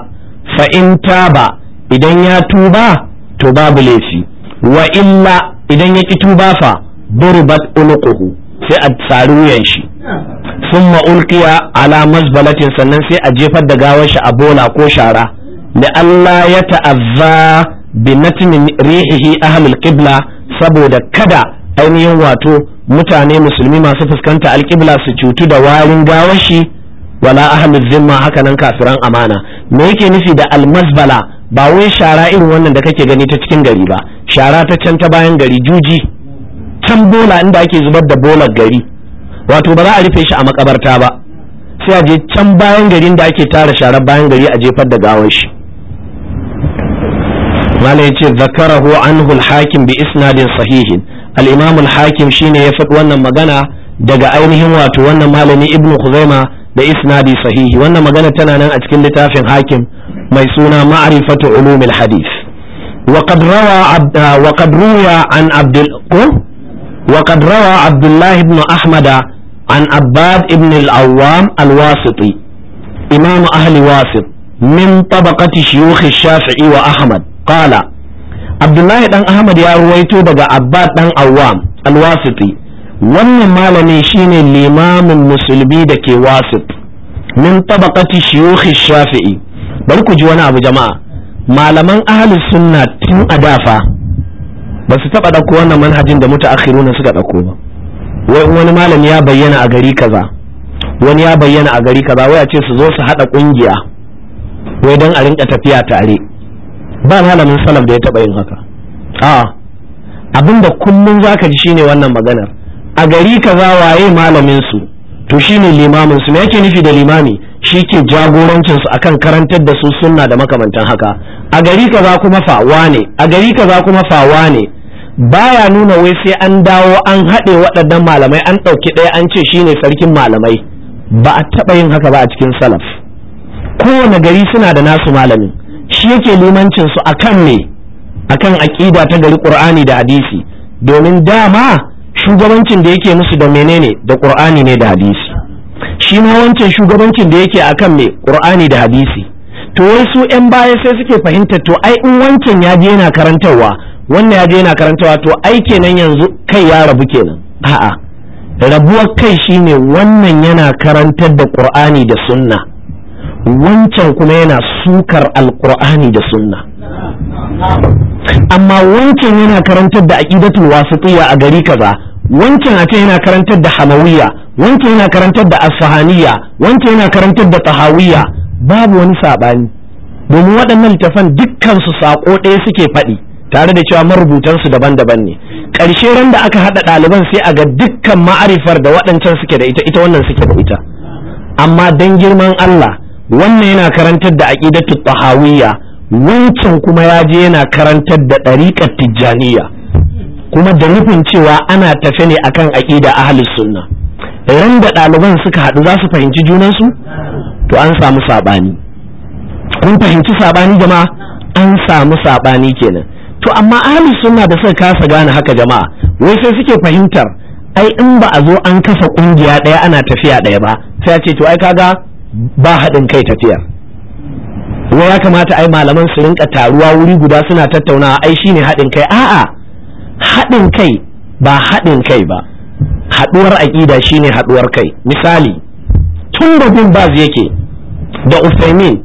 fa in taba idan ya tuba to babu laifi wa illa idan ya ki tuba fa burbat unuquhu sai a tsari wuyan shi sun ulqiya ala mazbalatin sannan sai a jefar da gawar shi a bola ko shara da Allah ya ta'azza bi natmin rihihi ahlul qibla saboda kada ainihin wato mutane musulmi masu fuskanta alqibla su cutu da warin gawar shi wala ahlul zimma hakanan kafiran amana me yake nufi da almazbala ba wai shara irin wannan da kake gani ta cikin gari ba shara ta can ta bayan gari juji can bola inda ake zubar da bolar gari wato ba za a rufe shi a makabarta ba sai a je can bayan garin da ake tara sharar bayan gari a jefar da gawar shi mala ya ce zakarahu anhu al-hakim bi isnadin sahihin al-imam al-hakim shine ya faɗi wannan magana daga ainihin wato wannan malami ibnu khuzaima da isnadi sahihi wannan magana tana nan a cikin littafin hakim mai suna ma'rifatu ulumil hadith wa qad rawa wa qad ruwa وقد روى عبد الله بن an abbad ibn al-awwam al-wasiti imam ahli wasit min tabaqati shafi'i wa ahmad qala abdullahi dan ahmad ya ruwaito daga abbad dan awwam al wannan malami shine limamin musulmi da ke wasit min tabaqati shuyukh shafi'i bari ji wani abu jama'a malaman ahlus sunna tun a dafa ba su taɓa ɗauko wannan manhajin da mutaakhiruna suka ɗauko ba wai wani malami ya bayyana a gari kaza wani ya bayyana a gari kaza wai a ce su zo su hada kungiya wai dan a rinka tafiya tare ba malamin salaf da ya taba yin haka a abinda kullum zaka ji shine wannan maganar a gari kaza waye malamin su to shine limamin su me yake nufi da limami shi ke jagorancin su akan karantar da su sunna da makamantan haka a gari kaza kuma fa wane a gari kaza kuma fawa ne baya nuna wai sai an dawo an haɗe waɗannan malamai an ɗauki ɗaya an ce shine sarkin malamai ba a taɓa yin haka ba a cikin salaf kowane gari suna da nasu malami shi yake limancin su akan me akan aqida ta gari ƙur'ani da hadisi domin dama shugabancin da yake musu da menene da ƙur'ani ne da hadisi shi ma wancan shugabancin da yake akan me ƙur'ani da hadisi to wai su 'yan baya sai suke fahimta to ai in wancan ya je yana karantarwa wannan ya je yana karantawa wato ai kenan yanzu kai ya rabu kenan a'a rabuwar kai shine wannan yana karantar da qur'ani da sunna wancan kuma yana sukar alqur'ani da sunna amma wancan yana karantar da aqidatul wasitiyya a gari kaza wancan a yana karantar da hamawiyya wancan yana karantar da asfahaniyya wancan yana karantar da tahawiyya babu wani saɓani domin waɗannan littafan su sako ɗaya suke faɗi tare da cewa marubutansu daban-daban ne ƙarshe ran da aka haɗa ɗaliban sai a ga dukkan ma'arifar da waɗancan suke da ita ita wannan suke da ita amma dan girman Allah wannan yana karantar da aqidatu tahawiyya wancan kuma ya je yana karantar da ɗariƙar tijjaniya kuma da nufin cewa ana tafe ne akan aqida ahlus sunna ran da ɗaliban suka haɗu za su fahimci junansu to an samu saɓani kun fahimci saɓani jama'a an samu saɓani kenan to amma ahli sunna da suka kasa gane haka jama'a wai sai suke fahimtar ai in ba a zo an kafa kungiya ɗaya ana tafiya ɗaya ba sai a ce to ai kaga ba haɗin kai tafiyar wai ya kamata ai malaman su rinka taruwa wuri guda suna tattaunawa ai shine haɗin kai a'a haɗin kai ba haɗin kai ba haɗuwar aƙida shine haɗuwar kai misali tun da bin baz yake da usaimin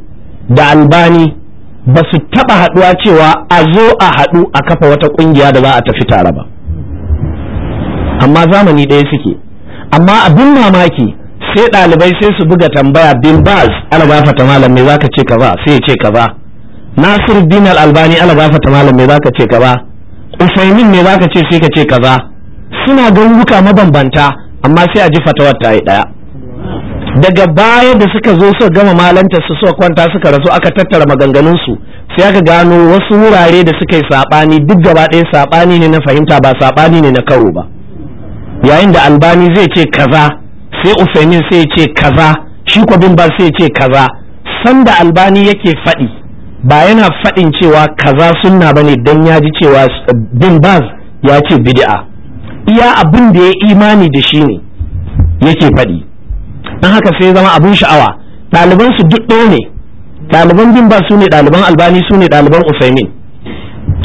da albani ba su taɓa haɗuwa cewa a zo a haɗu a kafa wata ƙungiya da za a tafi tare ba amma zamani ɗaya suke amma abin mamaki sai ɗalibai sai su buga tambaya bin baz alabafata malam me zaka ce kaza sai ya ce kaza nasir bin al-albani alabafata malam me zaka ce kaza usaimin me zaka ce sai ka ce kaza suna garuruka mabambanta amma sai a ji fatawar ta yi ɗaya daga baya da suka zo suka gama malanta su suka kwanta suka rasu aka tattara maganganun su sai aka gano wasu wurare da suka yi sabani duk gaba ɗaya sabani ne na fahimta ba sabani ne na karo ba yayin da albani zai ce kaza sai usaimin sai ya ce kaza shi ko bin ba sai ya ce kaza sanda albani yake faɗi ba yana faɗin cewa kaza sunna bane dan ya ji cewa bin baz ya ce bid'a iya abin da ya imani da shi ne yake faɗi don haka sai zama abin sha'awa ɗaliban su duk ne ɗaliban bin ba su ne ɗaliban albani su ne ɗaliban usaimin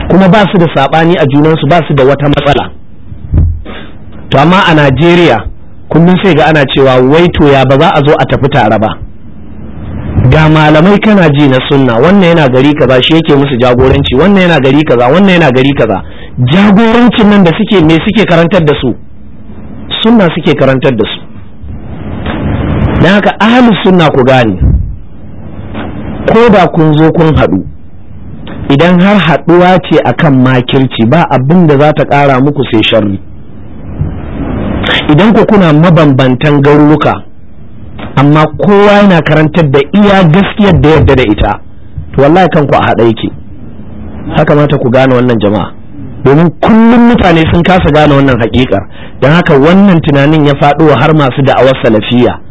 kuma ba su da saɓani a junansu ba su da wata matsala to amma a najeriya kullum sai ga ana cewa wai to ya ba za a zo a tafi tare ba ga malamai kana ji na sunna wannan yana gari kaza shi yake musu jagoranci wannan yana gari kaza wannan yana gari kaza jagorancin nan da suke me suke karantar da su sunna suke karantar da su don haka ahalus suna ku gane ko da kun zo kun haɗu idan har haɗuwa ce akan makirci ba abin da za ta ƙara muku sai sharri idan ku kuna mabambantan garuruka amma kowa yana karantar da iya gaskiyar da yadda da ita to wallahi kanku a haɗa yake haka mata ku gane wannan jama'a domin kullum mutane sun kasa gane wannan hakikar don haka wannan tunanin ya faɗo har masu da'awar salafiyya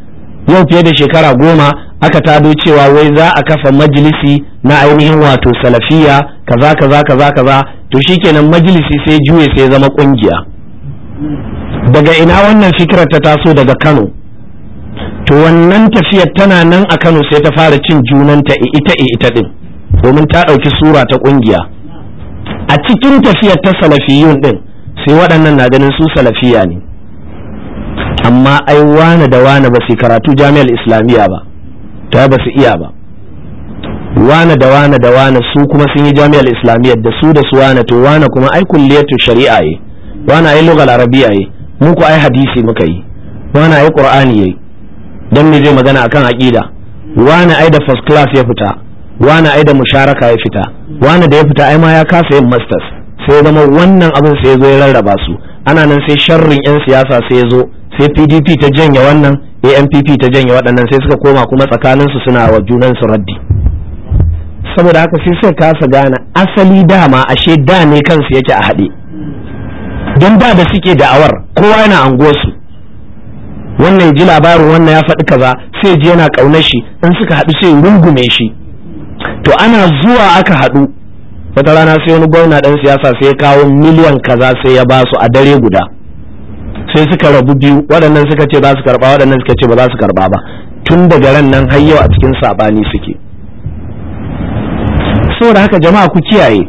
yau fiye da shekara goma aka tado cewa wai za a kafa majalisi na ainihin wato salafiya kaza kaza kaza kaza to shikenan majalisi sai juye sai zama kungiya daga ina wannan fikirar ta taso daga Kano to wannan tafiyar tana nan a Kano sai ta fara cin junanta e, ita e, ita din domin ta ɗauki sura ta kungiya a cikin tafiyar ta salafiyun din sai waɗannan na ganin su salafiya ne amma ai wane da wane ba su karatu jami'ar islamiyya ba ta ba su iya ba wane da wane da wane su kuma sun yi jami'ar islamiyya da su da su wane to wane kuma ai kulliyatu shari'a yi wane ai lugal arabiya yi mu ko ai hadisi muka yi wane ai qur'ani yi dan me zai magana akan aqida wane ai da first class ya fita wane ai da musharaka ya fita wane da ya fita ai ma ya kasa yin masters sai zama wannan abin sai ya zo ya rarraba su ana nan sai sharrin yan siyasa sai ya zo sai pdp ta janya wannan ampp ta janya waɗannan sai suka koma kuma tsakaninsu suna wa junansu raddi saboda haka sai sai kasa gane asali dama ashe da ne kansu yake a haɗe don ba da suke awar, kowa yana anguwarsu wannan ji labarin wannan ya faɗi kaza sai ji yana ƙaunar shi in suka haɗu sai rungume shi to ana zuwa aka haɗu wata rana sai wani gwamna ɗan siyasa sai ya kawo miliyan kaza sai ya ba su a dare guda sai suka rabu biyu waɗannan suka ce za su karba waɗannan suka ce ba za su karba ba tun daga ran nan har yau a cikin sabani suke saboda haka jama'a ku kiyaye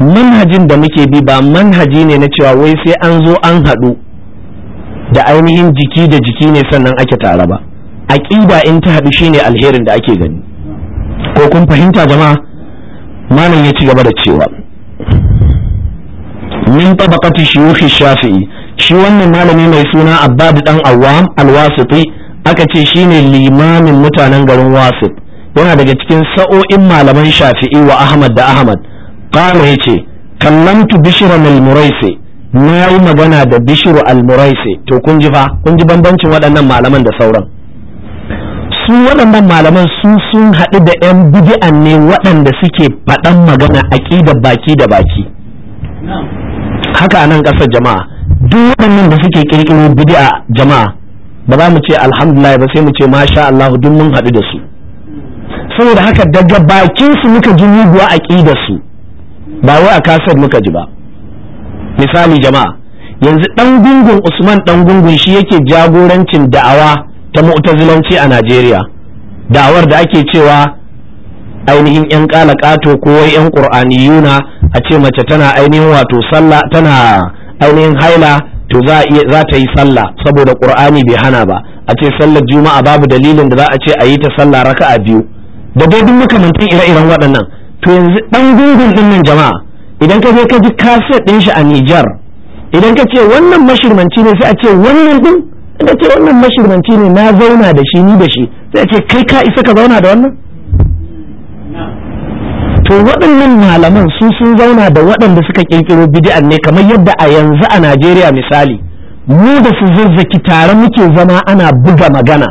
manhajin da muke bi ba manhaji ne na cewa wai sai an zo an haɗu da ainihin jiki da jiki ne sannan ake tare ba aqida in ta haɗu shine alherin da ake gani ko kun fahimta jama'a malam ya ci gaba da cewa min tabaqati shuyukh shafi'i shi wannan malami mai suna abbad dan awam alwasiti aka ce shine limamin mutanen garin wasit yana daga cikin sa'o'in malaman shafi'i wa ahmad da ahmad ya ce. kallamtu bishira al muraisi na yi magana da bishiru al muraisi to kun ji fa kun ji bambancin waɗannan malaman da sauran su waɗannan malaman su sun haɗu da 'yan bidi'an ne waɗanda suke faɗan magana aƙida baki da baki haka nan ƙasar jama'a duk waɗannan da suke kirkiro a jama'a ba za mu ce alhamdulillah ba sai mu ce masha Allah duk mun haɗu da su saboda haka daga bakin su muka ji muguwa da su ba wai a kasar muka ji ba misali jama'a yanzu dan gungun Usman ɗan gungun shi yake jagorancin da'awa ta mu'tazilanci a Najeriya da'awar da ake cewa ainihin yan kato ko wai yan qur'aniyuna a ce mace tana ainihin wato sallah tana ainihin haila to za ta yi sallah saboda qur'ani bai hana ba a ce sallar juma'a babu dalilin da za a ce a yi ta sallah raka'a biyu da dai duk makamantan ire-iren waɗannan to yanzu dan gungun din nan jama'a idan ka je ka ji kaset din shi a Nijar idan ka ce wannan mashirmanci ne sai a ce wannan din da ce wannan mashirmanci ne na zauna da shi ni da shi sai a ce kai ka isa ka zauna da wannan to waɗannan malaman su sun zauna da waɗanda suka ƙirƙiro bid'an ne kamar yadda a yanzu a Najeriya misali mu da su zazzaki tare muke zama ana buga magana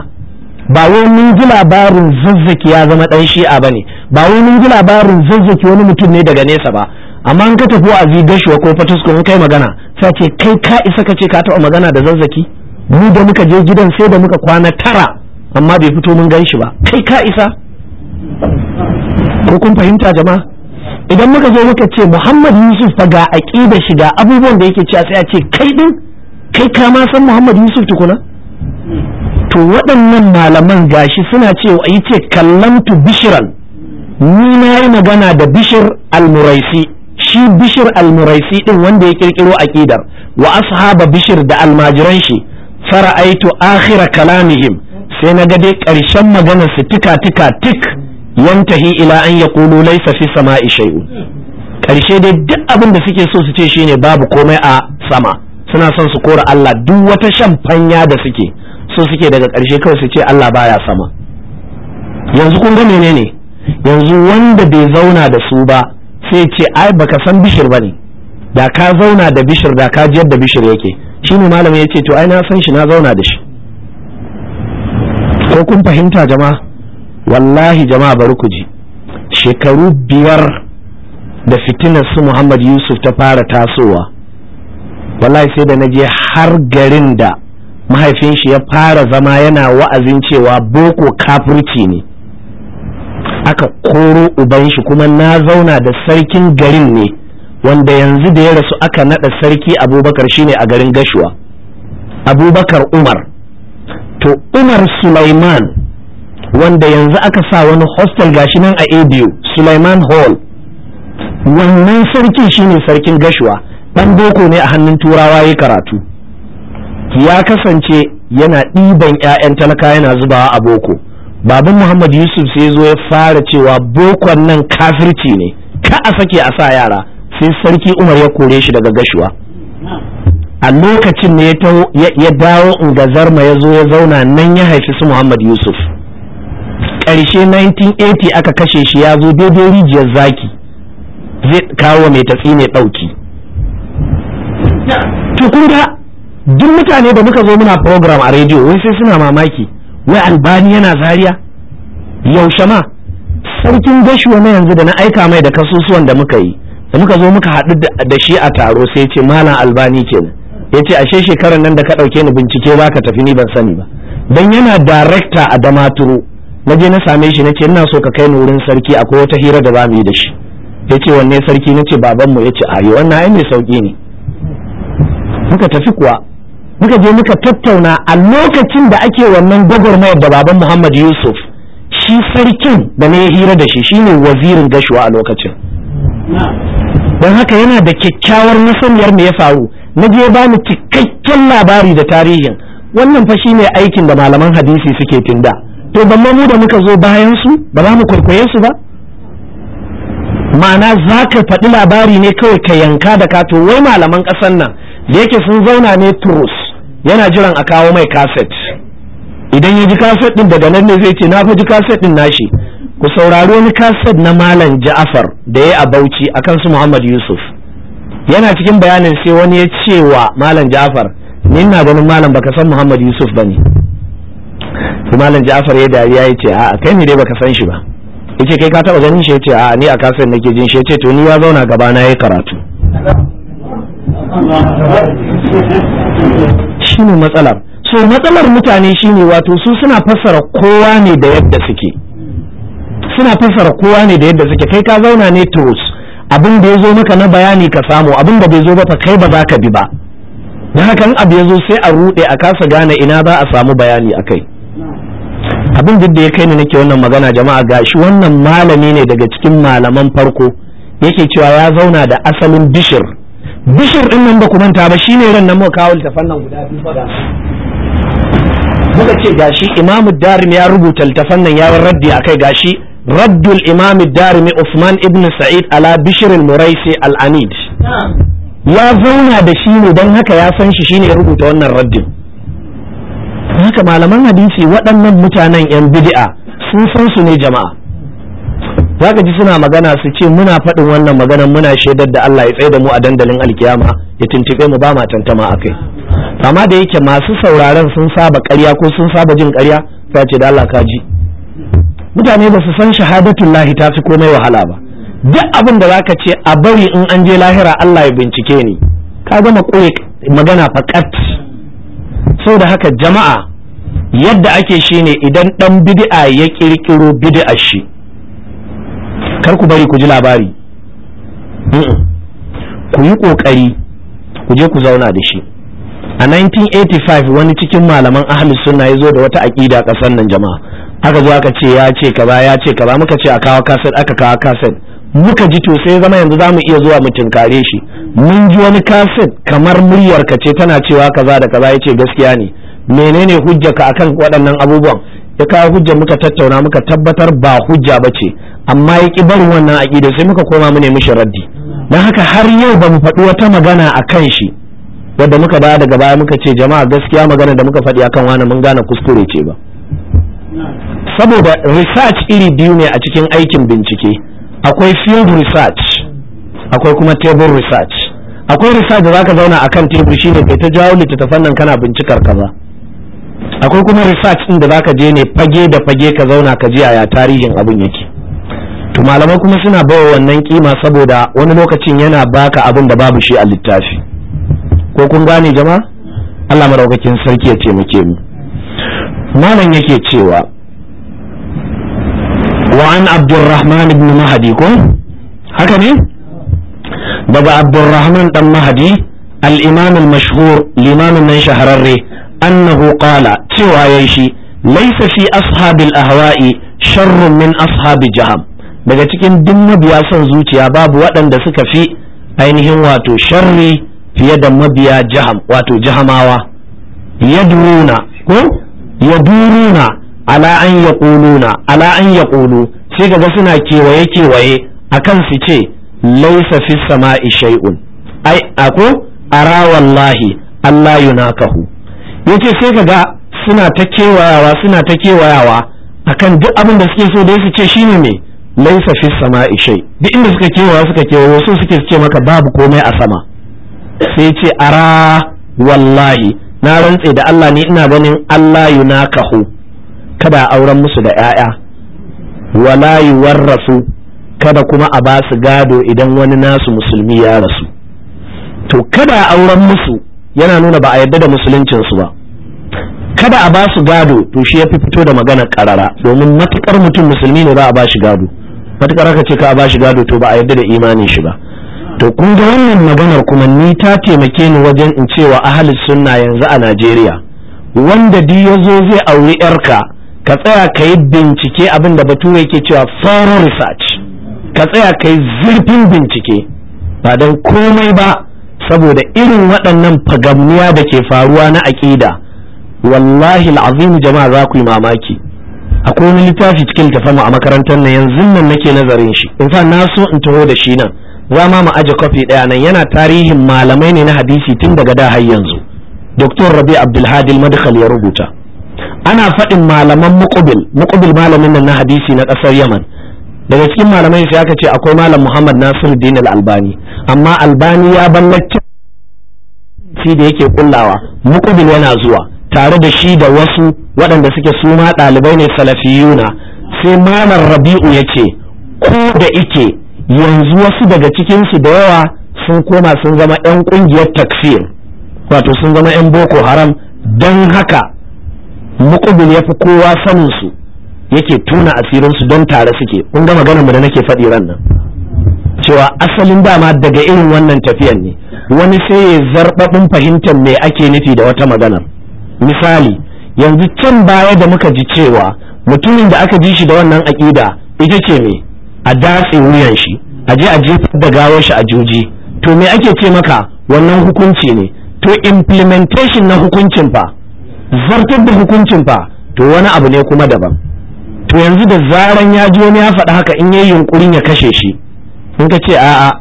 ba wai mun ji labarin zazzaki ya zama ɗan shi'a bane ba wai mun ji labarin zazzaki wani mutum ne daga nesa ba amma in ka tafi a gashuwa ko fatusko in kai magana sai kai ka isa ka ce ka taɓa magana da zazzaki mu da muka je gidan sai da muka kwana tara amma bai fito mun gan shi ba kai ka isa ko kun fahimta jama'a idan muka zo muka ce Muhammad Yusuf fa ga aqida shi ga abubuwan da yake ci sai a ce kai din kai ka ma san Muhammad Yusuf tukuna to waɗannan malaman gashi suna cewa yi ce tu bishiran ni na yi magana da bishir almuraisi shi bishir almuraisi ɗin wanda ya kirkiro aqidar wa ashaba bishir da almajiran shi fara'aitu akhira kalamihim sai na ga dai ƙarshen maganar su tika tika tik yantahi ila an yaqulu laysa fi sama'i shay'un karshe dai duk abin da suke so su ce shine babu komai a sama suna son su kora Allah duk wata shan fanya da suke so suke daga karshe kawai su ce Allah baya sama yanzu kun ga menene yanzu wanda bai zauna da su ba sai ce ai baka san bishir bane da ka zauna da bishir da ka jiyar da bishir yake shi shine malamin ce to ai na san shi na zauna da shi ko kun fahimta jama'a wallahi jama'a bari ku ji shekaru biyar da fitinar su Muhammad Yusuf ta fara tasowa wallahi sai da naje har garin da mahaifin shi ya fara zama yana wa'azin cewa boko kafirci ne aka koro uban shi kuma na zauna da sarkin garin ne wanda yanzu da ya rasu aka nada sarki abubakar shine a garin gashuwa abubakar umar to umar sulaiman wanda yanzu aka sa wani hostel gashi nan a abu Suleiman Hall wannan sarkin shine sarkin gashuwa dan boko ne a hannun turawa ya karatu ya kasance yana ɗiban 'ya'yan talaka yana zubawa a boko baban Muhammad Yusuf sai zo ya fara cewa bokon nan kafirci ne ka a sake a sa yara sai sarki Umar ya kore shi daga gashuwa a lokacin ne ya dawo ingazarma ya zo ya zauna nan ya haifi su Muhammad Yusuf ƙarshe 1980 aka kashe shi ya zo daidai rijiyar zaki zai kawo mai tatsi ne ɗauki to kun ga duk mutane da muka zo muna program a rediyo wai sai suna mamaki wai albani yana zariya yaushe ma sarkin gashuwa na yanzu da na aika mai da kasusuwan da muka yi da muka zo muka haɗu da shi a taro sai ce malam albani kenan ya ce ashe shekarar nan da ka ɗauke ni bincike ba ka tafi ni ban sani ba don yana darekta a damaturu na je na same shi nace ina so ka kai ni wurin sarki akwai wata hira da zamu yi da shi yace wanne sarki nace baban mu yace ayo wannan ai mai sauki ne muka tafi kuwa muka je muka tattauna a lokacin da ake wannan gwagwarmayar da baban Muhammad Yusuf shi sarkin da na hira da shi shine wazirin gashuwa a lokacin don haka yana da kyakkyawar musamman me ya faru na je ba ni cikakken labari da tarihin wannan fa shine aikin da malaman hadisi suke tinda to balle mu da muka zo bayan su ba za mu kwaikwaye su ba ma'ana za ka faɗi labari ne kawai ka yanka da ka to wai malaman ƙasan nan da yake sun zauna ne turus yana jiran a kawo mai kaset idan ya ji kaset ɗin daga nan ne zai ce na fi ji kaset ɗin nashi ku saurari wani kaset na malam ja'afar da ya a bauchi a su muhammad yusuf yana cikin bayanin sai wani ya ce wa malam ja'afar ni na ganin malam baka san muhammad yusuf ba ne su malam ja'far ya dariya ya ce a'a kai ne dai baka san shi ba yace kai ka taba ganin shi yace a'a ni a kafin nake jin shi yace to ni ya zauna gaba na yayi karatu shine matsala so matsalar mutane shine wato su suna fassara kowa ne da yadda suke suna fassara kowa ne da yadda suke kai ka zauna ne to abin da ya zo maka na bayani ka samu abin da bai zo ba fa kai ba za ka bi ba dan hakan abu ya zo sai a rude a kasa gane ina za a samu bayani akai abin duk da ya kai ni nake wannan magana jama'a ga shi wannan malami ne daga cikin malaman farko yake cewa ya zauna da asalin bishir bishir din nan ba ku manta ba shine ran nan muka kawo littafan nan guda biyu faɗa muka ce gashi imamu darim ya rubuta littafan nan ya raddi akai gashi raddul imam darimi usman ibn sa'id ala bishir al-muraisi al-anid ya zauna da shi ne don haka ya san shi shine ya rubuta wannan raddin da haka malaman hadisi waɗannan mutanen yan bid'a sun san su ne jama'a za ka ji suna magana su ce muna faɗin wannan maganar muna shaidar da Allah ya tsaye da mu a dandalin alkiyama ya tuntuɓe mu ba ma tantama a kai amma da yake masu sauraron sun saba ƙarya ko sun saba jin ƙarya ta ce da Allah ka ji mutane ba su san shahadatul lahi ta fi komai wahala ba duk abin da ka ce a bari in an je lahira Allah ya bincike ni ka gama ƙure magana fakat sau da haka jama'a yadda ake shi ne idan ɗan bid'a ya ƙirƙiro bid'a shi kar ku bari ku ji labari ku yi ƙoƙari ku je ku zauna da shi a 1985 wani cikin malaman ahalus sunna ya zo da wata aƙida ƙasar nan jama'a aka zo aka ce ya ce kaza ya ce kaza muka ce a kawo kaset aka kawo kaset muka ji to sai zama yanzu zamu iya zuwa mu tinkare shi mun ji wani kaset kamar muryar ka ce tana cewa kaza da kaza ya ce gaskiya ne menene hujjaka akan waɗannan abubuwan ya kawo hujja muka tattauna muka tabbatar ba hujja ba ce amma ya ƙi barin wannan aƙida sai muka koma mu nemi raddi Na haka har yau ba mu faɗi wata magana a kan shi wadda muka baya daga baya muka ce jama'a gaskiya magana da muka faɗi akan wani mun gane kuskure ce ba saboda research iri biyu ne a cikin aikin bincike akwai field research akwai kuma table research akwai research da zaka zauna akan tebur shine kai ta jawo littattafan nan kana bincikar ka kaza akwai kuma research din da zaka je ne fage da fage ka zauna ka ji yaya tarihin abin yake to malamai kuma suna bawa wannan kima saboda wani lokacin yana baka abin da babu shi a littafi ko kun gane jama'a Allah madaukakin sarki ya muke mu malam yake cewa وعن عبد الرحمن بن مهدي كون هكذا بابا عبد الرحمن بن مهدي الإمام المشهور الإمام nan shahararre. annahu qala cewa yayi shi laysa fi ashabil ahwa'i sharrun min ashabi jaham daga cikin duk mabiya son zuciya babu waɗanda suka fi ainihin wato sharri fiye da mabiya jaham wato jahamawa yaduruna ko yaduruna ala an yaquluna ala an yaqulu sai gaba suna kewaye kewaye akan su ce laysa fi sama'i shay'un ai ako ara wallahi Allah yunakahu yace sai ka ga suna ta kewayawa suna ta kewayawa akan duk abin da suke so dai su ce shine me laisa fi sama'i shay duk inda suka kewaya suka kewaya so suke ce maka babu komai a sama sai ce ara wallahi na rantse da Allah ne ina ganin Allah yunakahu kada auren musu da 'ya'ya wala yuwarrasu kada kuma a ba su gado idan wani nasu musulmi ya rasu to kada auren musu yana nuna ba a yarda da musuluncinsu ba kada a ba su gado to shi ya fi fito da magana karara domin matukar mutum musulmi ne ba a ba shi gado matukar aka ce ka a ba shi gado to ba a yarda da imanin shi ba to kun ga wannan maganar kuma ni ta taimake ni wajen in cewa ahalus sunna yanzu a Najeriya wanda di ya zo zai auri yarka ka tsaya ka yi bincike abin da bature yake cewa thorough research ka tsaya ka yi zurfin bincike ba don komai ba saboda irin waɗannan fagamniya da ke faruwa na aƙida wallahi al'azim jama'a za ku yi mamaki akwai wani littafi cikin tafamu a makarantar nan yanzu nan nake nazarin shi in fa na so in taho da shi nan za ma mu aje kofi ɗaya nan yana tarihin malamai ne na hadisi tun daga da har yanzu Dr. Rabi Abdulhadi Madkhal ya rubuta ana faɗin malaman muqbil muqbil malamin nan na hadisi na ƙasar Yaman daga cikin malamai shi aka ce akwai malam Muhammad Nasiruddin Al-Albani amma Albani ya ban fi da yake kullawa mukubil yana zuwa tare da shi da wasu waɗanda suke suma ɗalibai ne salafiyuna sai malam Rabi'u ya ce ko da ike yanzu wasu daga cikinsu da yawa sun koma sun zama 'yan ƙungiyar takfir wato sun zama 'yan boko haram don haka muƙubin ya fi kowa saninsu yake tuna asirinsu don tare suke kun ga maganar mu da nake faɗi ran nan cewa asalin dama daga irin wannan tafiyan ne wani sai ya zarɓaɓin fahimtar me ake nufi da wata magana misali yanzu can baya da muka ji cewa mutumin da aka ji shi da wannan aƙida ita ce me a datse wuyan shi a je a jefar da gawar shi a juji to me ake ce maka wannan hukunci ne to implementation na hukuncin fa zartar da hukuncin fa to wani abu ne kuma daban to yanzu da zaran ya ji wani ya faɗi haka in yayi yunkurin ya kashe shi in ka ce a'a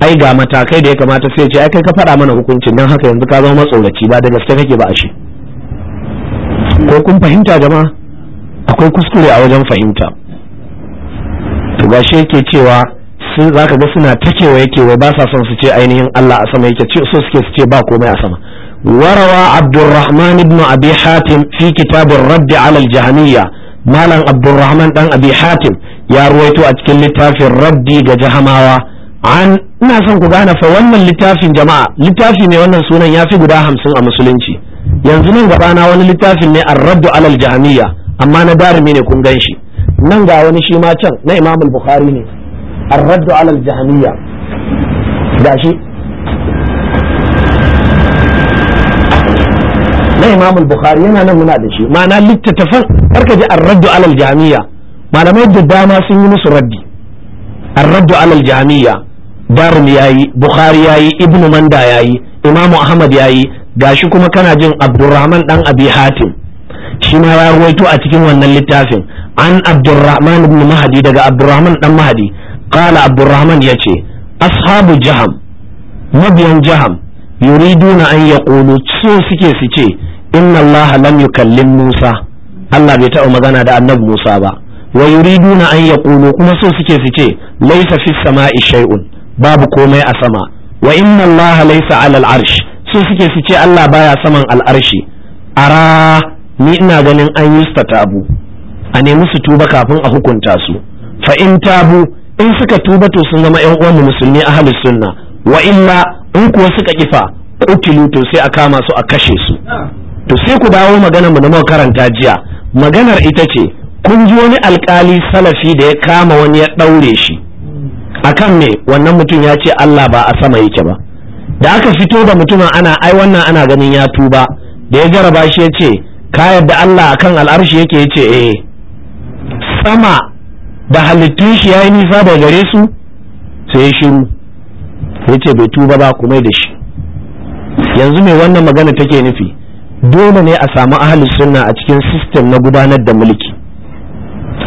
ai ga matakai da ya kamata sai ce ai kai ka faɗa mana hukuncin don haka yanzu ka zama matsoraci ba da gaske kake ba a shi. ko kun fahimta jama'a akwai kuskure a wajen fahimta to ga shi yake cewa sun zaka ga suna ta kewaye kewaye ba sa son su ce ainihin Allah a sama yake so suke su ce ba komai a sama وروى عبد الرحمن بن أبي حاتم في كتاب الرد على الجهنية malam abdurrahman dan abi hatim ya ruwaito a cikin littafin raddi ga jahamawa an ina son ku gane fa wannan littafin jama'a littafi mai wannan sunan ya fi guda hamsin a musulunci yanzu nan gabana na wani littafin ne ar-raddu alal jahamiyya amma na darimi ne kun gan shi nan ga wani shi ma can na imam bukhari ne ar-raddu alal jahamiyya gashi na imam bukhari yana nan muna da shi ma'ana littattafan karka ji ar-raddu alal jami'a malamai da dama sun yi musu raddi ar-raddu alal jami'a darul yayi bukhari yayi ibnu manda yayi imam ahmad yayi gashi kuma kana jin abdurrahman dan abi hatim shi ma ya ruwaito a cikin wannan littafin an abdurrahman ibn mahdi daga abdurrahman dan mahdi qala abdurrahman yace ashabu jaham mabiyan jaham yuriduna an yaqulu su suke su ce inna Allah lam yukallim Musa Allah bai taɓa magana da annabi Musa ba wa yuriduna an yaqulu kuma so suke su ce laysa fis sama'i shay'un babu komai a sama wa inna Allah laysa 'ala al so suke su ce Allah baya saman al'arshi ara ni ina ganin an yi tabu a nemi su tuba kafin a hukunta su fa in tabu in suka tuba to sun zama ƴan uwan musulmi ahlus sunna wa illa in kuwa suka kifa ukilu to sai a kama su a kashe su to sai ku dawo magana mu da muka karanta jiya maganar ita ce kun ji wani alkali salafi da ya kama wani ya daure shi akan me wannan mutum ya ce Allah ba a sama yake ba da aka fito da mutumin ana ai wannan ana ganin ya tuba da ya jaraba shi ya ce ka yadda Allah akan al'arshi yake ya ce eh sama da halittun shi yayi nisa da gare su sai shiru ya ce bai tuba ba kuma da shi yanzu me wannan magana take nufi dole ne a samu ahalus sunna a cikin sistem na gudanar da mulki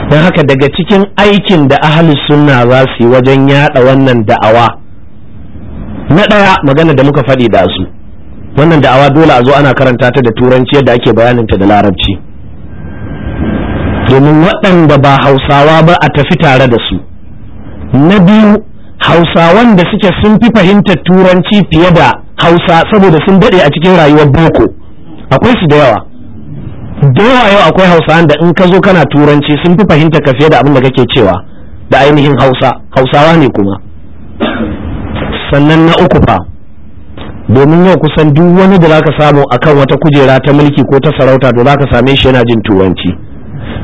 don haka daga cikin aikin da ahalus sunna za su yi wajen yada wannan da'awa na ɗaya magana da muka faɗi da su wannan da'awa dole a zo ana karanta ta da turanci yadda ake bayaninta da larabci domin waɗanda ba hausawa ba a tafi tare da su na biyu hausawan da suke sun fi fahimtar turanci fiye da hausa saboda sun daɗe a cikin rayuwar boko akwai su da yawa da yawa yau akwai hausawan da in ka zo kana turanci sun fi fahimta ka fiye da abin da kake cewa da ainihin hausa hausawa ne kuma sannan na uku fa domin yau kusan duk wani da zaka samu akan wata kujera ta mulki ko ta sarauta to zaka same shi yana jin turanci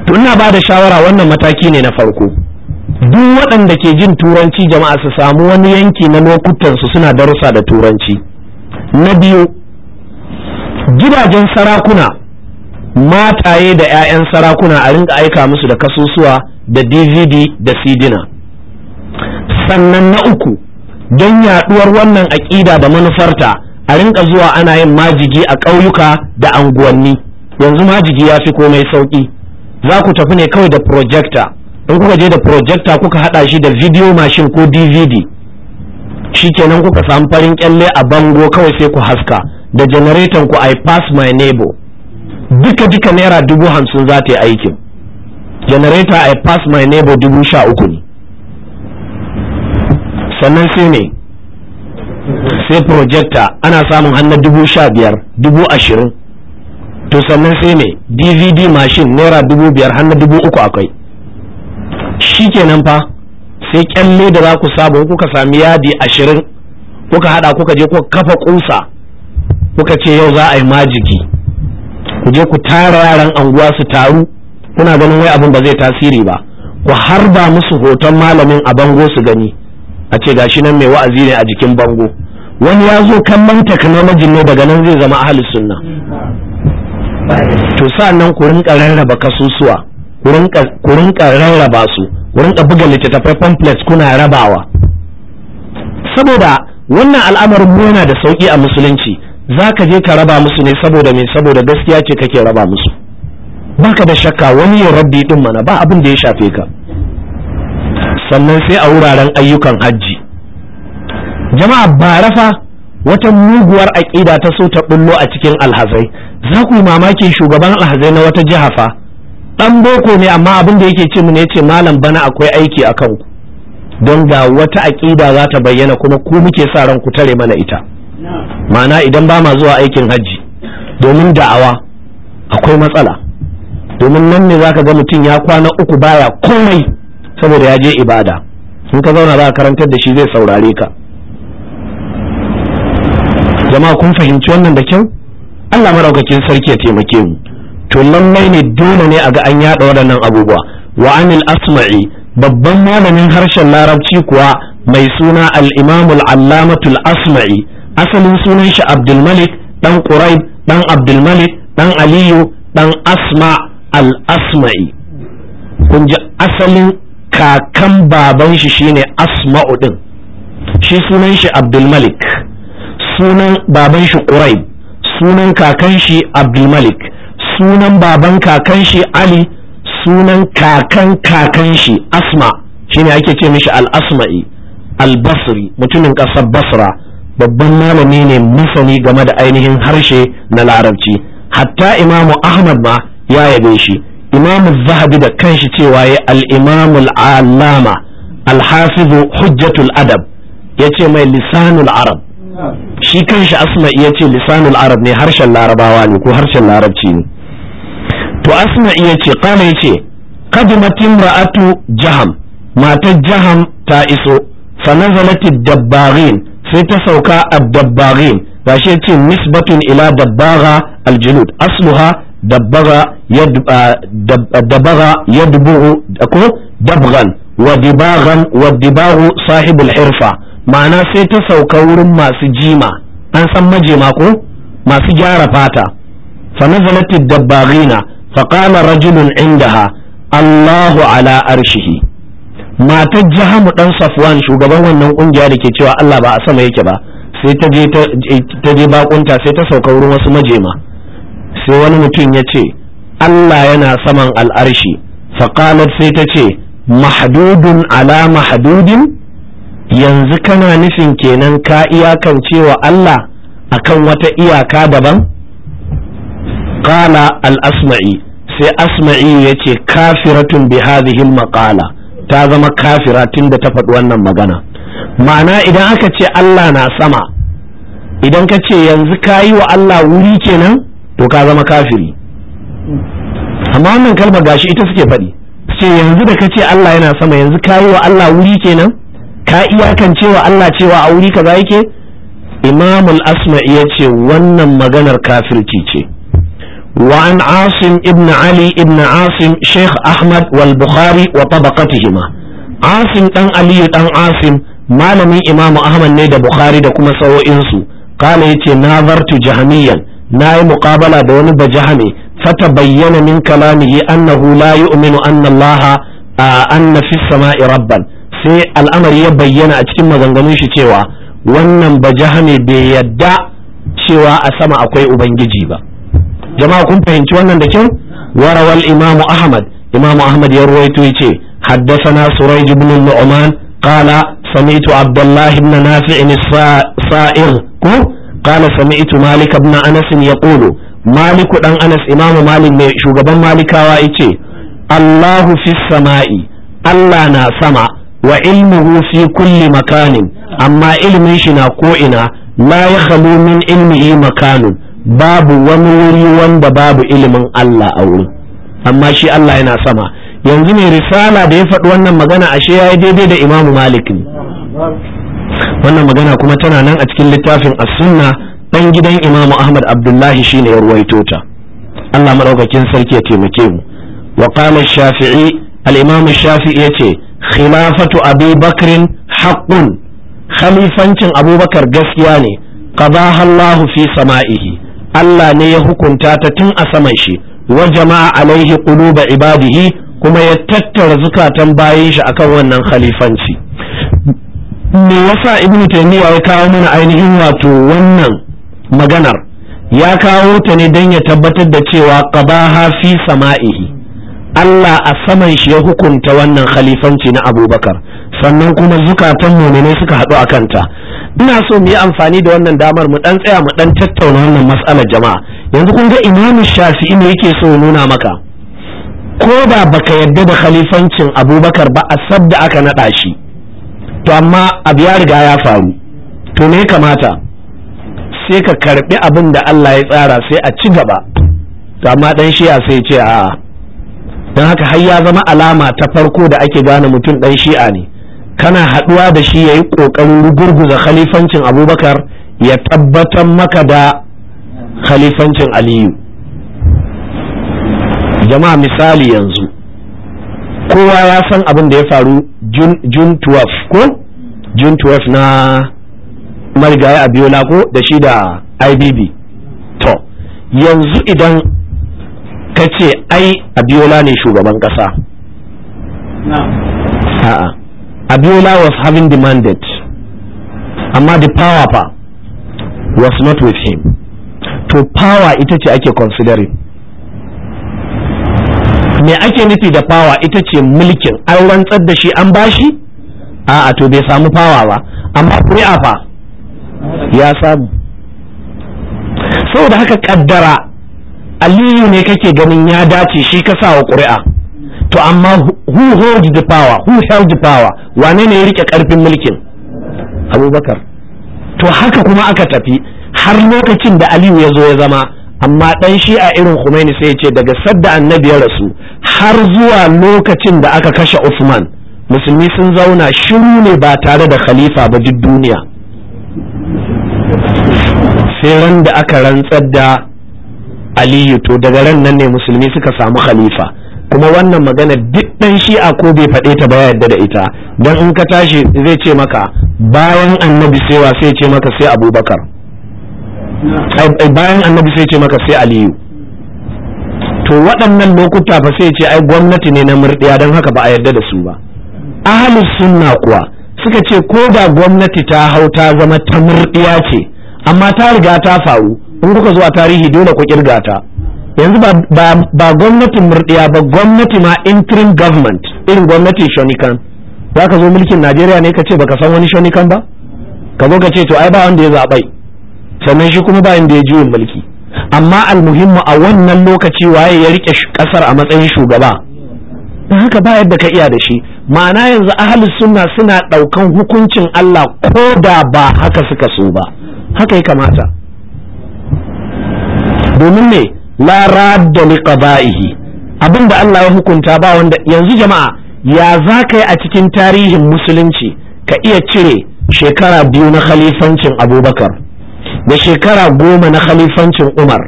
to ina ba shawara wannan mataki ne na farko duk waɗanda ke jin turanci jama'a su samu wani yanki na lokutan su suna darusa da turanci na biyu gidajen sarakuna mataye da 'ya'yan sarakuna a rinka aika musu da kasusuwa da dvd da sidina sannan na uku don yaɗuwar wannan aƙida da manufarta a rinka zuwa ana yin majigi a ƙauyuka da anguwanni yanzu majigi ya fi komai sauƙi za ku tafi ne kawai da projector in kuka je da projector kuka haɗa shi da video mashin ko dvd shi shikenan kuka samu farin ƙyalle a bango kawai sai ku haska da janareton ku i pass my neighbor duka duka naira dubu hamsin za ta yi aikin generator i pass my neighbor dubu sha uku ne sannan sai ne sai projector ana samun hannun dubu sha biyar dubu ashirin to sannan sai ne dvd machine naira dubu biyar hannun dubu uku akwai shi kenan fa sai kyalle da za ku samu kuka sami yadi ashirin kuka hada kuka je kuka kafa kusa kuka ce yau za a yi majiki ku je ku tara yaran anguwa su taru kuna ganin wai abin ba zai tasiri ba ku harba musu hoton malamin a bango su gani a ce gashi nan mai wa'azi ne a jikin bango wani ya zo kallon technology ne daga nan zai zama hali sunna to sa nan ku rinka rarraba kasusuwa ku rinka rarraba su ku rinka buga littattafai pamphlets kuna rabawa saboda wannan al'amarin yana da sauki a musulunci za ka je ka raba musu ne saboda me saboda gaskiya ce kake raba musu baka da shakka wani yin rabbi din mana ba abin da ya shafe ka sannan sai a wuraren ayyukan hajji jama'a barafa wata muguwar aƙida ta so ta bullo a cikin alhazai za ku yi mamakin shugaban alhazai na wata jiha fa ɗan boko ne amma abin da yake ce mu ne ce malam bana akwai aiki a kanku don ga wata aƙida za ta bayyana kuma ku muke sa ran ku tare mana ita ma'ana idan ba ma zuwa aikin hajji domin da'awa akwai matsala domin nan ne zaka ga mutum ya kwana uku baya komai saboda ya je ibada in ka zauna za a karantar da shi zai saurare ka jama'a kun fahimci wannan da kyau Allah maraukakin sarki ya taimake mu to lallai ne dole ne a ga an yaɗa waɗannan abubuwa wa anil asma'i babban malamin harshen larabci kuwa mai suna al-imamul allamatul asma'i asalin sunan shi abdulmalik dan ƙuraib dan abdulmalik dan aliyu dan asma al-asma'i kun ji asalin kakan baban shi shine asma'u din shi sunan shi abdulmalik sunan baban shi Qurayb, sunan kakan shi abdulmalik sunan baban kakan shi ali sunan kakan kakan shi asma shine ake ce mishi al-asma'i al-basri mutumin ƙasar basra babban malami ne masani game da ainihin harshe na larabci hatta imamu ahmad ma ya yabe shi imamu zahabi da kanshi cewa ya al-imamu al-allama al hujjatul adab yace mai lisanul arab shi kanshi asma iya ce lisanul arab ne harshen larabawa ne ko harshen larabci ne to asma iya ce kama ya ce kadimatin ra'atu jaham matar jaham ta iso fa dabbarin sai ta sauka a dabbarin gashi ya ce nisbatun ila dabbara aljilud asluha dabbara ya dubu ko dabgan wa wa dibaru sahibul hirfa ma'ana sai ta sauka wurin masu jima an san majima ko masu gyara fata fa nazalat dabbarina fa qala rajulun indaha Allahu ala arshihi matar jihamu dan safwan shugaban wannan kungiya da ke cewa Allah ba a sama yake ba sai ta je ta je bakunta sai ta sauka wurin wasu majema sai wani mutum ya ce Allah yana saman al'arshi faqalat sai ta ce mahdudun ala mahdudin yanzu kana nufin kenan ka iyakance wa Allah akan wata iyaka daban qala al-asma'i sai asma'i yace kafiratun bi hadhihi al-maqala ta zama kafira tun da ta faɗi wannan magana ma'ana idan aka ce Allah na sama idan ka ce yanzu ka yi wa Allah wuri kenan to ka zama kafiri amma wannan kalma gashi ita suke faɗi ce yanzu da ka ce Allah yana sama yanzu ka yi wa Allah wuri kenan ka iyakance wa Allah cewa a wuri ka za yake imamul asma'i ya ce wannan maganar kafirci ce وعن عاصم ابن علي ابن عاصم شيخ أحمد والبخاري وطبقتهما عاصم تن علي تن عاصم ما لم إمام أحمد نيد بخاري دكما سوى إنسو قال يتي ناظرت جهميا ناي مقابلة دون بجهمي فتبين من كلامه أنه لا يؤمن أن الله أن في السماء ربا sai al'amari ya bayyana a cikin maganganun shi cewa wannan bajahame bai yadda cewa a sama akwai ubangiji ba jama'a kun fahimci wannan da kyau warawal imam ahmad imam ahmad ya ruwaito yace haddathana surayj ibn nu'man qala sami'tu abdullah ibn nafi' sair ko qala sami'tu malik ibn anas yaqulu malik dan anas imam malik mai shugaban malikawa yace allahu fis sama'i allah na sama wa ilmuhu fi kulli makanin amma ilmin shi na ko ina la ya min ilmihi makanun babu wani wuri wanda babu ilimin Allah a wurin amma shi Allah yana sama yanzu ne risala da ya faɗi wannan magana ashe ya yi daidai da imamu malik ne wannan magana kuma tana nan a cikin littafin as-sunna dan gidan imamu ahmad abdullahi shine ya ruwaito ta Allah maɗaukakin sarki ya taimake mu wa qala shafi'i al imamu shafi'i ce khilafatu Abubakar bakrin haqqun khalifancin abubakar gaskiya ne qadaha Allah fi sama'ihi Allah ne ya hukunta ta tun a saman shi wa jama'a alaihi quluba ibadihi kuma ya tattara zukatan bayan shi akan wannan khalifanci me yasa ibnu taymiya ya kawo mana ainihin wato wannan maganar ya kawo ta ne dan ya tabbatar da cewa qabaha fi sama'ihi Allah a saman shi ya hukunta wannan khalifanci na abubakar sannan kuma zukatan muminai suka haɗu a kanta ina so mu yi amfani da wannan damar mu ɗan tsaya mu ɗan tattauna wannan matsalar jama'a yanzu kun ga imamu shafi'i ne yake so nuna maka ko ba baka yarda da khalifancin abubakar ba a sab da aka naɗa shi to amma abu ya riga ya faru to me kamata sai ka karɓi abin da Allah ya tsara sai a ci gaba to amma ɗan shiya sai ce a'a don haka har ya zama alama ta farko da ake gane mutum ɗan shi'a ne kana haɗuwa da shi ya yi ƙoƙarin rugurguza khalifancin abubakar ya tabbatar maka da khalifancin aliyu jama'a misali yanzu kowa ya san abin da ya faru june 12 ko june 12 na marigayi abiola ko da shi da ibb to yanzu idan ka ce ai abiola ne shugaban kasa a'a abiola was having the mandate amma the power fa was not with him to power ita ce ake considering me ake nufi da power ita ce mulkin an rantsar da shi an bashi a'a to bai samu power ba amma kuri'a fa ya samu saboda haka kaddara aliyu ne kake ganin ya dace shi ka sa wa ƙuri'a to amma who hold the power who held the power wane ne ya rike karfin mulkin abubakar to haka kuma aka tafi har lokacin da aliyu ya zo ya zama amma ɗan shi a irin Khumaini sai ya ce daga sadda annabi ya rasu har zuwa lokacin da aka kashe Usman, musulmi sun zauna shiru ne ba tare da khalifa ba duk duniya sai ran da aka rantsar da aliyu to daga ran nan ne musulmi suka samu khalifa kuma wannan magana duk dan shi'a ko bai faɗe ta ba yadda da ita dan in ka tashi zai ce maka bayan annabi sewa sai ce maka sai abubakar bayan annabi sai ce maka sai aliyu to waɗannan lokuta fa sai ce ai gwamnati ne na murɗiya don haka ba a yarda da su ba ahalus sunna kuwa suka ce ko da gwamnati ta hau ta zama ta murɗiya ce amma ta riga ta faru in kuka zuwa tarihi dole ku kirga ta yanzu ba gwamnatin murdiya ba gwamnati ma interim government irin gwamnati shonikan za ka zo mulkin najeriya ne ka ce baka san wani shonikan ba ka zo ka ce to ai ba wanda ya zaɓai sannan shi kuma ba inda ya juyin mulki amma almuhimmu a wannan lokaci waye ya rike kasar a matsayin shugaba don haka ba yadda ka iya da shi ma'ana yanzu ahalus sunna suna ɗaukan hukuncin Allah ko da ba haka suka so ba haka ya kamata domin ne la radda li qada'ihi abinda Allah ya hukunta ba wanda yanzu jama'a ya za yi a cikin tarihin musulunci ka iya cire shekara biyu na khalifancin abubakar da shekara goma na khalifancin umar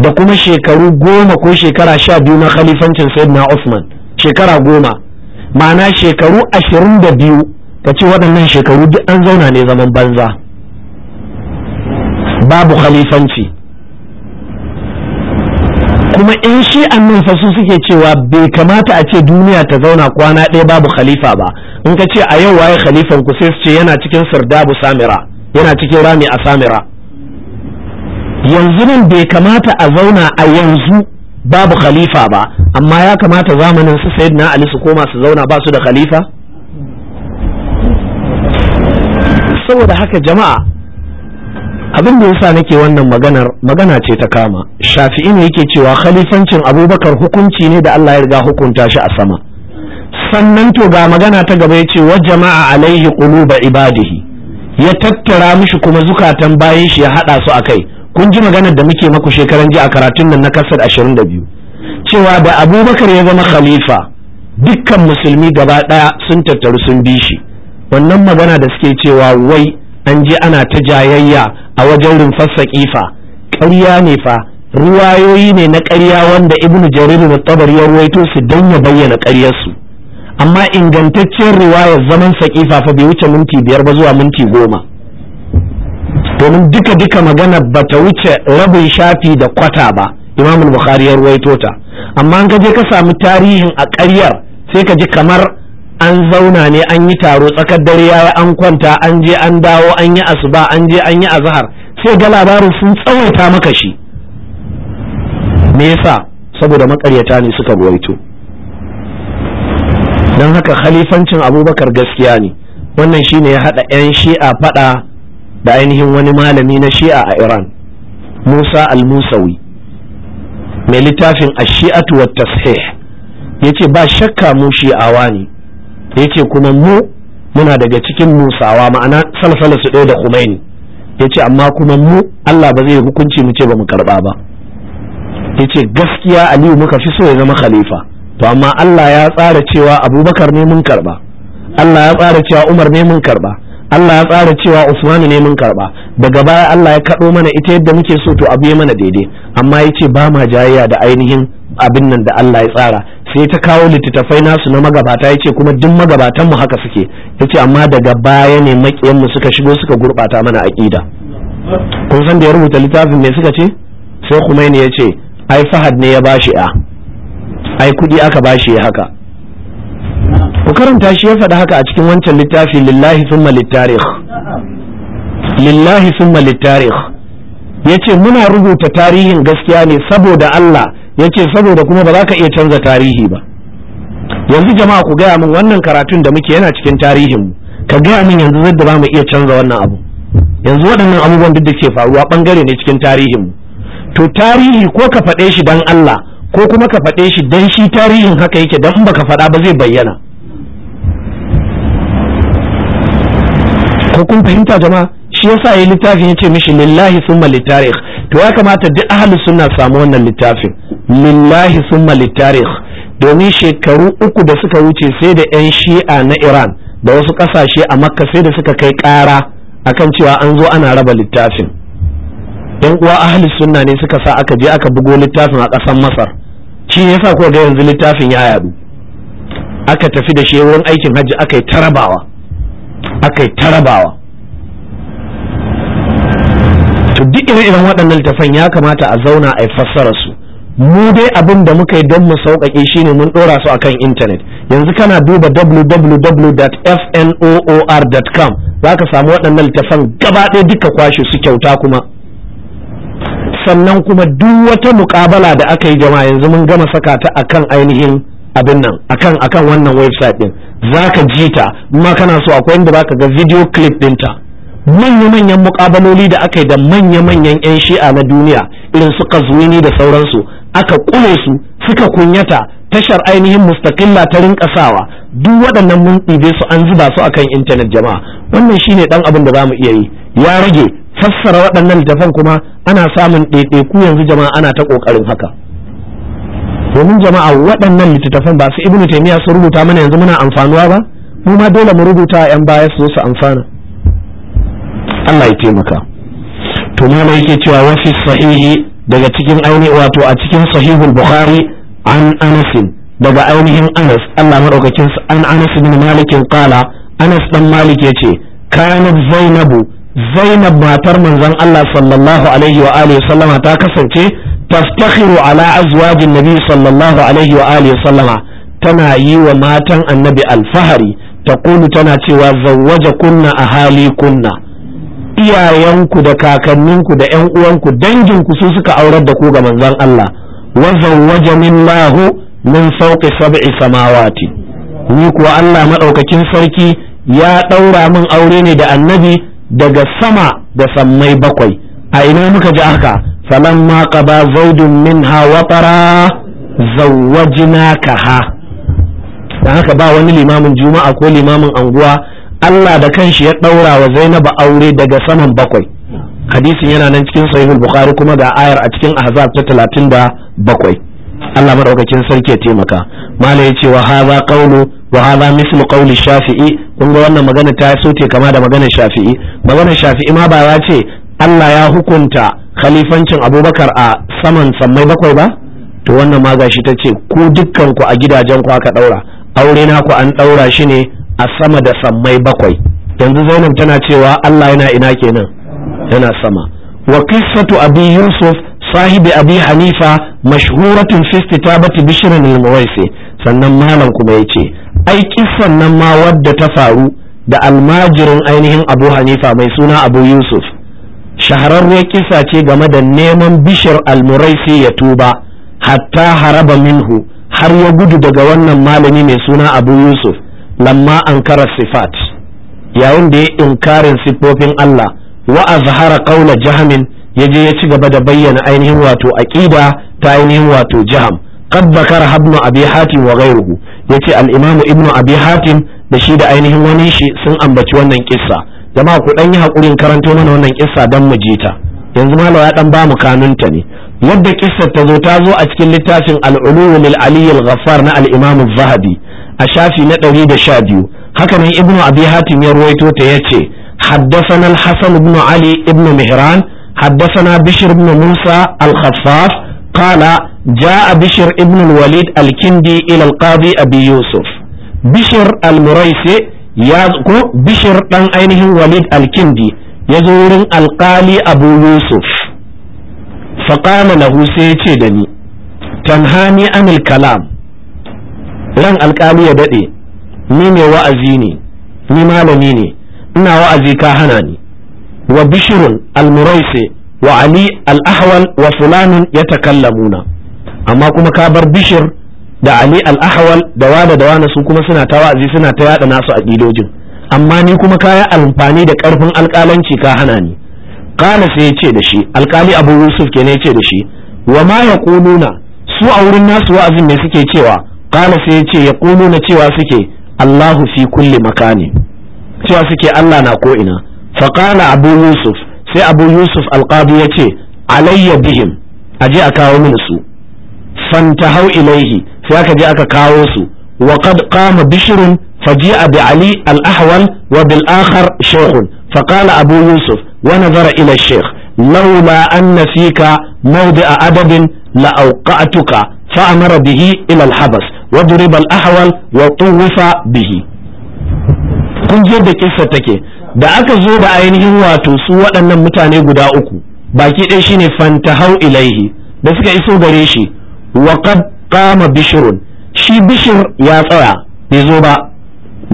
da kuma shekaru goma ko shekara sha biyu na khalifancin sayyidina Usman shekara goma ma'ana shekaru ashirin da biyu ka ce waɗannan shekaru duk an zauna ne zaman banza babu khalifanci kuma in shi annan fa su suke cewa bai kamata a ce duniya ta zauna kwana ɗaya babu khalifa ba in ka ce a yau waye khalifan ku sai su ce yana cikin sirdabu samira yana cikin rami a samira yanzu nan bai kamata a zauna a yanzu babu khalifa ba amma ya kamata zamanin su sayyidina ali su koma su zauna ba su da khalifa saboda haka jama'a abin da yasa nake wannan maganar magana ce ta kama shafi'i ne yake cewa khalifancin abubakar hukunci ne da Allah ya riga hukunta shi a sama sannan to ga magana ta gaba yace wa jama'a alaihi quluba ibadihi ya tattara mishi kuma zukatan bayan shi ya hada su akai kun ji maganar da muke maku shekaran ji a karatun nan na kasar 22 cewa da abubakar ya zama khalifa dukkan musulmi gaba daya sun tattaru sun bi shi wannan magana da suke cewa wai an je ana ta jayayya a wajen rumfarsa kifa ƙarya ne fa ruwayoyi ne na ƙarya wanda ibnu jarir da tabar ya ruwaito su don bayyana ƙaryarsu amma ingantaccen ruwayar zaman saƙifa fa bai wuce minti biyar ba zuwa minti goma domin duka duka magana ba ta wuce rabin shafi da kwata ba imamul bukhari ya ruwaito ta amma an ka je ka samu tarihin a ƙaryar sai ka ji kamar an zauna ne an yi taro tsakar dare ya an kwanta an je an dawo an yi asuba an je an yi azhar sai ga labarin sun tsawaita maka shi me yasa saboda makaryata ne suka ruwaito don haka khalifancin abubakar gaskiya ne wannan shine ya haɗa 'yan shi'a faɗa da ainihin wani malami na shi'a a iran musa al-musawi mai littafin ashi'atu shiatu wa tashih yace ba shakka mu shi'awa ne ya ce kuma mu muna daga cikin musawa ma'ana salsala su ɗaya da kumaini ya ce amma kuma mu Allah ba zai yi hukunci mu ce ba mu karɓa ba ya ce gaskiya Aliyu muka fi so ya zama khalifa to amma Allah ya tsara cewa Abubakar ne mun karɓa Allah ya tsara cewa Umar ne mun karɓa Allah ya tsara cewa Usmanu ne mun karɓa daga baya Allah ya kaɗo mana ita yadda muke so to abu ya mana daidai amma ya ce ba ma jayayya da ainihin abin nan da Allah ya tsara sai ta kawo littattafai nasu na magabata ya ce kuma duk magabatan mu haka suke ya ce amma daga baya ne makiyan mu suka shigo suka gurɓata mana aƙida kun san da ya rubuta littafin mai suka ce sai kuma ya ce ai fahad ne ya bashi a ai kuɗi aka bashi ya haka ku karanta shi ya faɗi haka a cikin wancan littafi lillahi summa littarikh lillahi summa littarikh yace muna rubuta tarihin gaskiya ne saboda Allah yace saboda kuma ba za ka iya canza tarihi ba yanzu jama'a ku gaya min wannan karatun da muke yana cikin tarihin mu ka gaya min yanzu zai za mu iya canza wannan abu yanzu waɗannan abubuwan duk da ke faruwa bangare ne cikin tarihin mu to tarihi ko ka faɗe shi dan Allah ko kuma ka faɗe shi dan shi tarihin haka yake dan in baka faɗa ba zai bayyana ko kun fahimta jama'a shi yasa yayi littafin yace mishi lillahi summa litarikh to ya kamata duk ahli suna samu wannan littafin lillahi summa littarikh domin shekaru uku da suka wuce sai da yan shi'a na iran da wasu kasashe a makka sai da suka kai kara akan cewa an zo ana raba littafin yan uwa ahli sunna ne suka sa aka je aka bugo littafin a ƙasar masar shi ne yasa ga yanzu littafin ya yadu aka tafi da shi wurin aikin hajji aka tarabawa aka yi tarabawa to duk ire-iren waɗannan littafan ya kamata a zauna a fassara su mu dai abin da muka yi don mu sauƙaƙe shine mun ɗora su akan intanet yanzu kana duba www.fnoor.com za ka samu waɗannan littafan gaba ɗaya duka kwashe su kyauta kuma sannan kuma duk wata muƙabala da aka yi jama'a yanzu mun gama saka ta akan ainihin abin nan akan akan wannan website din zaka ji ta ma kana so akwai inda ka ga video clip ɗinta manya-manyan mukabaloli da aka yi da manya-manyan 'yan shi'a na duniya irin su kazwini da sauransu aka kule su suka kunyata tashar ainihin mustaqilla ta rinka sawa duk waɗannan mun ɗibe su an zuba su akan intanet jama'a wannan shine dan abin da zamu iya yi ya rage fassara waɗannan littafan kuma ana samun ɗaiɗaiku yanzu jama'a ana ta ƙoƙarin haka domin jama'a waɗannan littattafan ba su ibnu taymiya su rubuta mana yanzu muna amfanuwa ba mu ma dole mu rubuta yan baya su su amfana Allah ya taimaka to mana yake cewa wa fi sahihi daga cikin aini wato a cikin sahihul bukhari an anas daga ainihin anas Allah madaukakin an anas bin malikin qala anas dan malik yace kanat zainabu zainab matar manzon Allah sallallahu alaihi wa alihi sallama ta kasance taftakhiru ala azwajin nabi sallallahu alaihi wa alihi sallama tana yi wa matan annabi alfahari ta kulu tana cewa zawwaja kunna ahali kunna iyayenku da kakanninku da ƴan uwanku danginku su suka aurar da ku ga manzon Allah wa zawwaja minallahu min fawqi sab'i samawati ni kuwa Allah madaukakin sarki ya daura min aure ne da annabi daga sama da sammai bakwai a ina muka ji haka ma qaba zawdun minha watara ha dan haka ba wani limamin juma'a ko limamin anguwa Allah da kanshi ya ɗaura wa Zainabu aure daga saman bakwai hadisin yana nan cikin sahihul bukhari kuma da ayar a cikin ahzab ta talatin da bakwai Allah madaukakin sarki ya taimaka ya ce wa haza qawlu wa haza mislu qawli shafi'i kun ga wannan magana ta so kama da maganar shafi'i maganar shafi'i ma ba ya ce Allah ya hukunta khalifancin Abubakar a saman sammai bakwai ba to wannan ma gashi ta ce ku dukkan ku a gidajen ku aka ɗaura aure na ku an ɗaura shi ne a sama da sammai bakwai yanzu zainab tana cewa Allah yana ina kenan yana sama wa qissatu abi yusuf sahibi abi hanifa mashhuratun fi kitabati bishr al-muwaisi sannan malam kuma yace ai kissan nan ma wadda ta faru da almajirin ainihin abu hanifa mai suna abu yusuf shahararriyar kisa ce game da neman bishir almuraisi ya tuba hatta haraba minhu har ya gudu daga wannan malami mai suna abu yusuf lamma ankara sifat yayin da ya inkarin siffofin Allah wa azhara qawla jahamin je ya ci gaba da bayyana ainihin wato aqida ta ainihin wato jaham qad bakara ibn abi hatim wa ghayruhu yace al-imam ibn abi hatim da shi da ainihin wani shi sun ambaci wannan kissa jama'a ku dan yi hakurin karanto mana wannan kissa dan mu je ta yanzu malawa ya dan ba mu kanunta ne yadda kissar ta zo ta zo a cikin littafin al-ulum lil ali al-ghaffar na al-imam az-zahabi a shafi na ɗari da sha biyu hakanan ibnu abi hatim ya ruwaito ta ya ce حدثنا الحسن بن علي بن مهران حدثنا بشر بن موسى الخفاف قال جاء بشر بن الوليد الكندي إلى القاضي أبي يوسف بشر المريسي يذكر بشر دان أينه وليد الكندي يزور القالي أبو يوسف فقام له سيتي دني تنهاني عن الكلام ran alkali ya daɗe ni ne wa'azi ne ni malami ne ina wa'azi ka hana ni wa bishirun almuraisi wa ali al'ahwal wa fulanin ya takalla muna. amma kuma ka bar bishir da ali al'ahwal da wada da wana su kuma suna ta wa'azi suna ta yada nasu a ƙidojin amma ni kuma kaya yi amfani da ƙarfin alƙalanci ka hana ni kana sai ya ce da shi alƙali abu yusuf ke ne ya ce da shi wa ma ya su a wurin nasu wa'azin ne suke cewa qala sai ya ce yaquluna cewa suke Allahu fi kulli makani cewa suke Allah na ko ina fa Abu Yusuf sai Abu Yusuf alqadi ya ce alayya bihim aje a kawo mini su fantahau ilaihi sai aka je aka kawo su wa qad qama bishrun فجيء بعلي الأحول وبالآخر شيخ فقال أبو يوسف ونظر إلى الشيخ لولا أن فيك موضع أدب لأوقعتك فأمر به إلى الحبس wa duribal ahwal wa tuwufa bihi kun je da kissa take da aka zo da ainihin wato su waɗannan mutane guda uku baki ɗaya shine fantahau ilaihi da suka iso gare shi wa qad qama bishrun shi bishir ya tsaya bai zo ba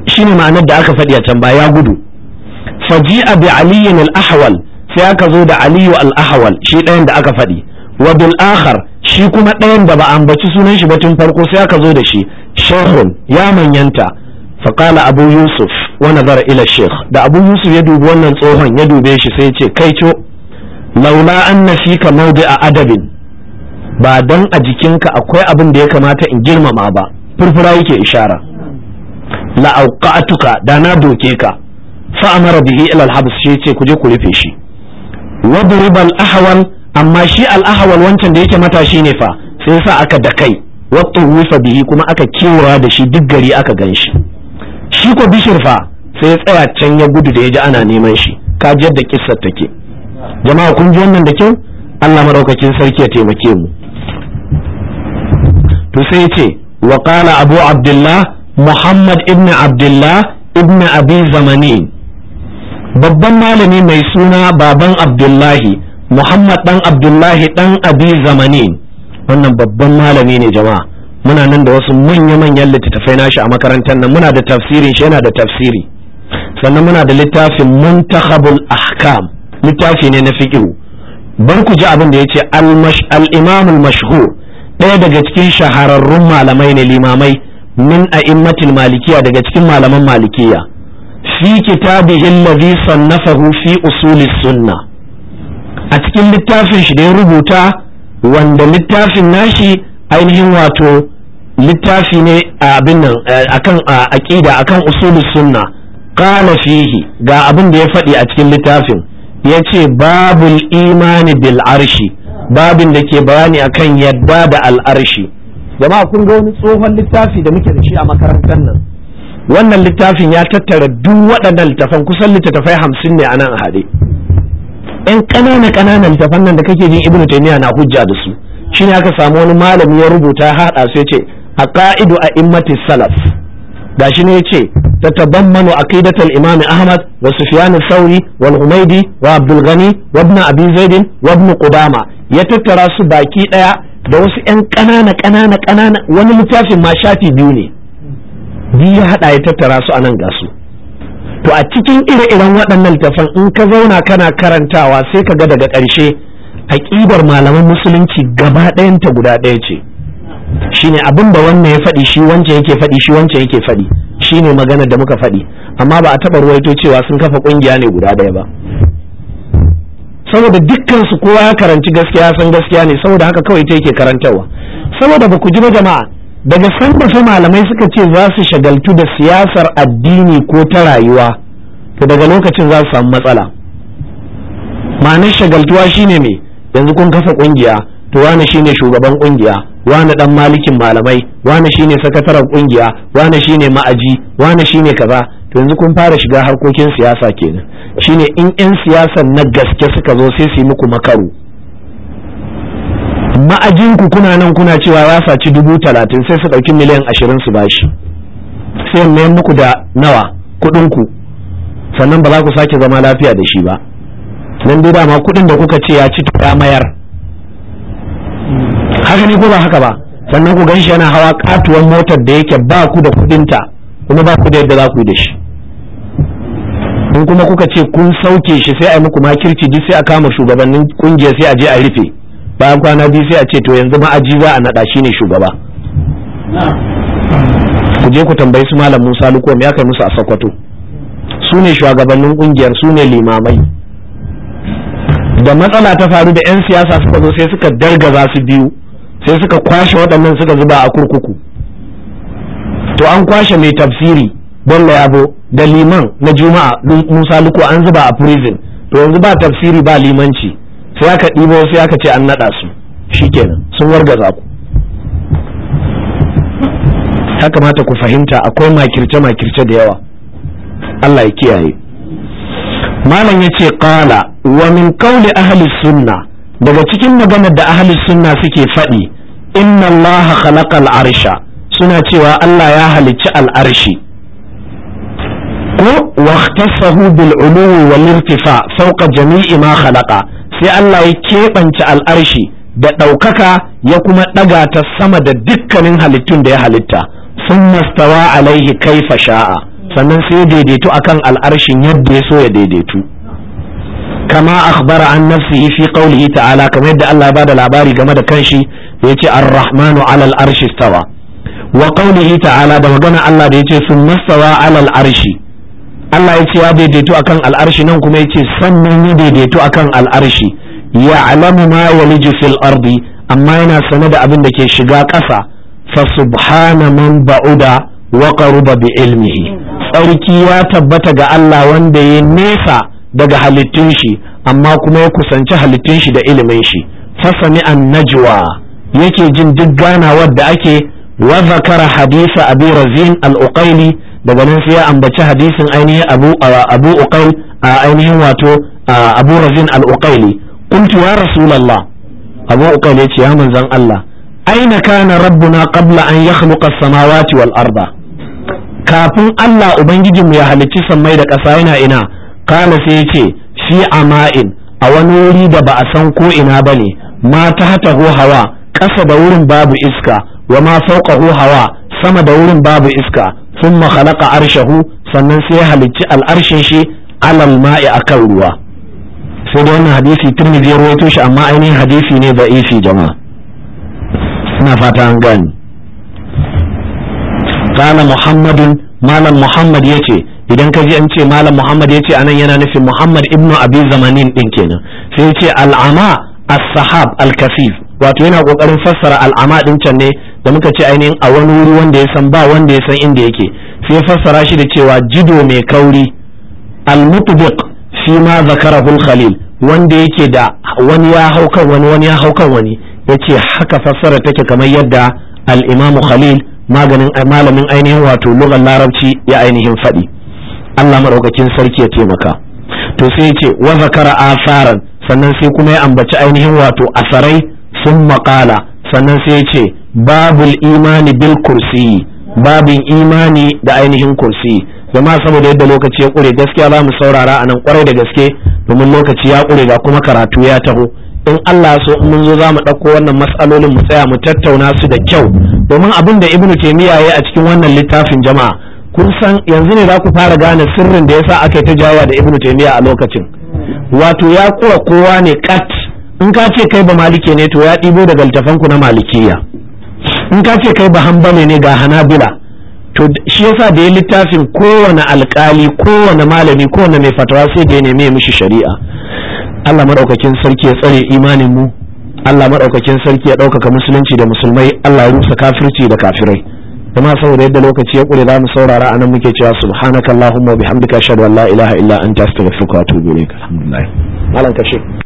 shine ma'anar da aka faɗi a can ba ya gudu faji'a bi aliyin al-ahwal sai aka zo da aliyu al-ahwal shi ɗayan da aka faɗi wa bil akhar shi kuma ɗayan da ba ambaci sunan shi ba tun farko sai aka zo da shi shehun ya manyanta faƙala abu yusuf wa nazara ila sheikh da abu yusuf ya dubi wannan tsohon ya dube shi sai ya ce kai co laula an na ka maudi a adabin ba don a jikinka akwai abin da ya kamata in girmama ba furfura yake ishara la'auqatuka da na doke ka fa amara bihi ila alhabs shi ce ku je ku rufe shi wadrib al-ahwal amma shi al'ahawal wancan da yake matashi ne fa sai sa aka da kai wato wufa bihi kuma aka kewara da shi duk gari aka gan shi shi ko bishir fa sai ya tsaya can ya gudu da ya ji ana neman shi ka ji yadda kissar take jama'a kun ji wannan da kyau Allah madaukakin sarki ya taimake mu to sai ya ce wa qala abu abdullah muhammad ibn abdullah ibn abi zamani babban malami mai suna baban abdullahi muhammad dan abdullahi dan abi zamani wannan babban malami ne jama'a muna nan da wasu manya-manyan littattafai nashi a makarantar nan muna da tafsirin shi yana da tafsiri sannan muna da littafin muntakhabul ahkam littafi ne na fiqh bar ku ji abin da yace al-imam al-mashhur ɗaya daga cikin shahararrun malamai ne limamai min a'immatil malikiya daga cikin malaman malikiya fi kitabihi allazi sannafahu fi usulis sunnah a cikin littafin shi da ya rubuta wanda littafin nashi ainihin wato littafi ne a abin nan eh, akan aqida akan usulus sunna qala fihi ga abin da ya faɗi a cikin littafin Ya ce babul imani bil arshi babin da ke bayani akan yadda da al'arshi jama'a kun ga wani tsohon littafi da muke da shi a makarantar nan wannan littafin ya tattara duk waɗannan littafan kusan littattafai hamsin ne a nan haɗe yan ƙanana ƙananan littafan nan da kake jin ibnu taymiya na hujja da su shine aka samu wani malami ya rubuta hada su yace aqaidu a immati salaf gashi ne yace تتضمن عقيدة الإمام أحمد wa الثوري والغميدي وعبد الغني wa أبي Kudama, ya tattara su baki ɗaya. da wasu 'yan ƙanana ƙanana ƙanana wani littafin ma shafi biyu ne biyu ya haɗa ya tattara su a nan gasu to a cikin ire-iren waɗannan littafan in ka zauna kana karantawa sai ka ga daga ƙarshe aƙidar malaman musulunci gaba ɗayanta guda ɗaya ce shine abin da wannan ya faɗi shi wancan yake faɗi shi wancan yake faɗi shi ne magana da muka faɗi amma ba a taɓa ruwaito cewa sun kafa ƙungiya ne guda ɗaya ba saboda dukkan su kowa ya karanci gaskiya san gaskiya ne saboda haka kawai ta yake karantawa. saboda ba ku ji ba jama'a daga ba su malamai suka ce za su shagaltu da siyasar addini ko ta rayuwa to daga lokacin za su samu matsala ma'anar shagaltuwa shine me yanzu kun kafa kungiya to wani shine shugaban kungiya wane dan malikin malamai wani shine sakataren kungiya wani shine ma'aji wani shine kaza to yanzu kun fara shiga harkokin siyasa kenan shine in 'yan siyasar na gaske suka zo sai su yi muku makaru ma'ajinku kuna nan kuna cewa ya saci dubu talatin sai su ɗauki miliyan ashirin su bashi sai mayan muku da nawa kuɗinku sannan ba za ku sake zama lafiya da shi ba nan dai dama kuɗin da kuka ce ya ci ya mayar haka ne ko ba haka ba sannan ku ganshi yana hawa katuwar motar da yake ba ku da kuɗinta kuma ba ku da yadda za ku yi da shi in kuma kuka ce kun sauke shi sai a yi muku makirci duk sai a kama shugabannin kungiyar sai a je a rufe bayan kwana biyu sai a ce to yanzu ma'aji za a naɗa shi ne shugaba ku je ku tambayi su malam Musa Luko ya kai musu a Sokoto su ne shugabannin ƙungiyar su ne limamai da matsala ta faru da 'yan siyasa suka zo sai suka dargaza su biyu sai suka kwashe waɗannan suka zuba a kurkuku to an kwashe mai tafsiri bello yabo da liman na juma'a musa luko an zuba a prison to yanzu ba tafsiri ba limanci sai aka ɗibo sai aka ce an naɗa su shikenan sun wargaza ku ya kamata ku fahimta akwai makirce makirce da yawa Allah ya kiyaye malam ya ce qala wa min qawli ahli sunna daga cikin maganar da ahli sunna suke faɗi inna Allah khalaqa al-arsha suna cewa Allah ya halicci al'arshi ko waqtasahu bil uluwi wal irtifa fawqa jami'i ma khalaqa sai Allah ya keɓance al'arshi da ɗaukaka ya kuma ɗaga ta sama da dukkanin halittun da ya halitta sun mastawa alaihi kaifa sha'a sannan sai daidaitu akan al'arshin yadda ya so ya daidaitu kama akhbara an nafsihi fi qawlihi ta'ala kamar yadda Allah ya bada labari game da kanshi da yace ar-rahmanu 'alal arshi stawa wa qawlihi ta'ala da magana Allah da yace sun mastawa 'alal arshi Allah ya ce ya daidaito akan al'arshi nan kuma ya ce sannan ya daidaito akan al'arshi ya alamu ma yaliju fil ardi amma yana sane da abin da ke shiga ƙasa fa subhana man ba'uda wa qaruba bi ilmihi tsarki ya tabbata ga Allah wanda ya nesa daga halittun shi amma kuma ya kusanci halittun shi da ilimin shi fasami an najwa yake jin duk ganawar da ake wa zakara hadisa abi razin al-uqaili daga nan sai ya ambaci hadisin ainihin abu abu uqail ainihin wato abu razin al-uqaili qultu ya rasulullah abu uqail yace ya manzon Allah aina kana rabbuna qabla an yakhluqa as-samawati wal arda kafin Allah ubangijinmu ya halicci sammai da ƙasa yana ina kana sai yace fi ama'in a wani wuri da ba a san ko ina bane ma ta hawa ƙasa da wurin babu iska wa ma fauqahu hawa sama da wurin babu iska thumma khalaqa arshahu sannan sai ya halicci al'arshin shi alal ma'i akan ruwa sai da wannan hadisi tirmidhi ya rawaito shi amma ainihin hadisi ne da isi jama'a ina fata an gani kana muhammadun malam muhammad ce idan ka ji an ce malam muhammad ce anan yana nufin muhammad ibnu abi zamanin din kenan sai yace al'ama as-sahab al-kasif wato yana kokarin fassara al'ama din can ne da muka ce ainihin a wani wuri wanda ya san ba wanda ya san inda yake sai fassara shi da cewa jido mai kauri al-mutbiq fi ma zakara al-khalil wanda yake da wani ya hau kan wani wani ya hau kan wani yace haka fassara take kamar yadda al-imamu khalil maganin malamin ainihin wato lugar larabci ya ainihin faɗi Allah madaukakin sarki ya taimaka to sai yace wa zakara asaran sannan sai kuma ya ambaci ainihin wato asarai sun maƙala sannan sai ya ce babul imani bil kursi babin imani da ainihin kursi zama saboda yadda lokaci ya ƙure gaskiya za mu saurara a nan ƙwarai da gaske domin lokaci ya ƙure ga kuma karatu ya taho in Allah so in mun zo za mu ɗauko wannan matsalolin mu tsaya mu tattauna su da kyau domin abin da ibnu taymiya ya a cikin wannan littafin jama'a kun san yanzu ne za ku fara gane sirrin da yasa aka yi ta jawa da ibnu taymiya a lokacin wato ya kura kowa ne kat in ka ce kai ba malike ne to ya ɗibo daga littafanku ku na malikiya in ka ce kai ba hanbali ne ga hanabila to shi yasa da ya littafin kowane alkali kowane malami kowane mai fatawa sai da ya neme mishi shari'a Allah madaukakin sarki ya tsare imanin mu Allah madaukakin sarki ya ɗaukaka musulunci da musulmai Allah ya rusa kafirci da kafirai kuma saboda yadda lokaci ya kure za mu saurara anan muke cewa subhanakallahumma bihamdika ashhadu an la ilaha illa anta astaghfiruka wa atubu ilaik alhamdulillah malam kashe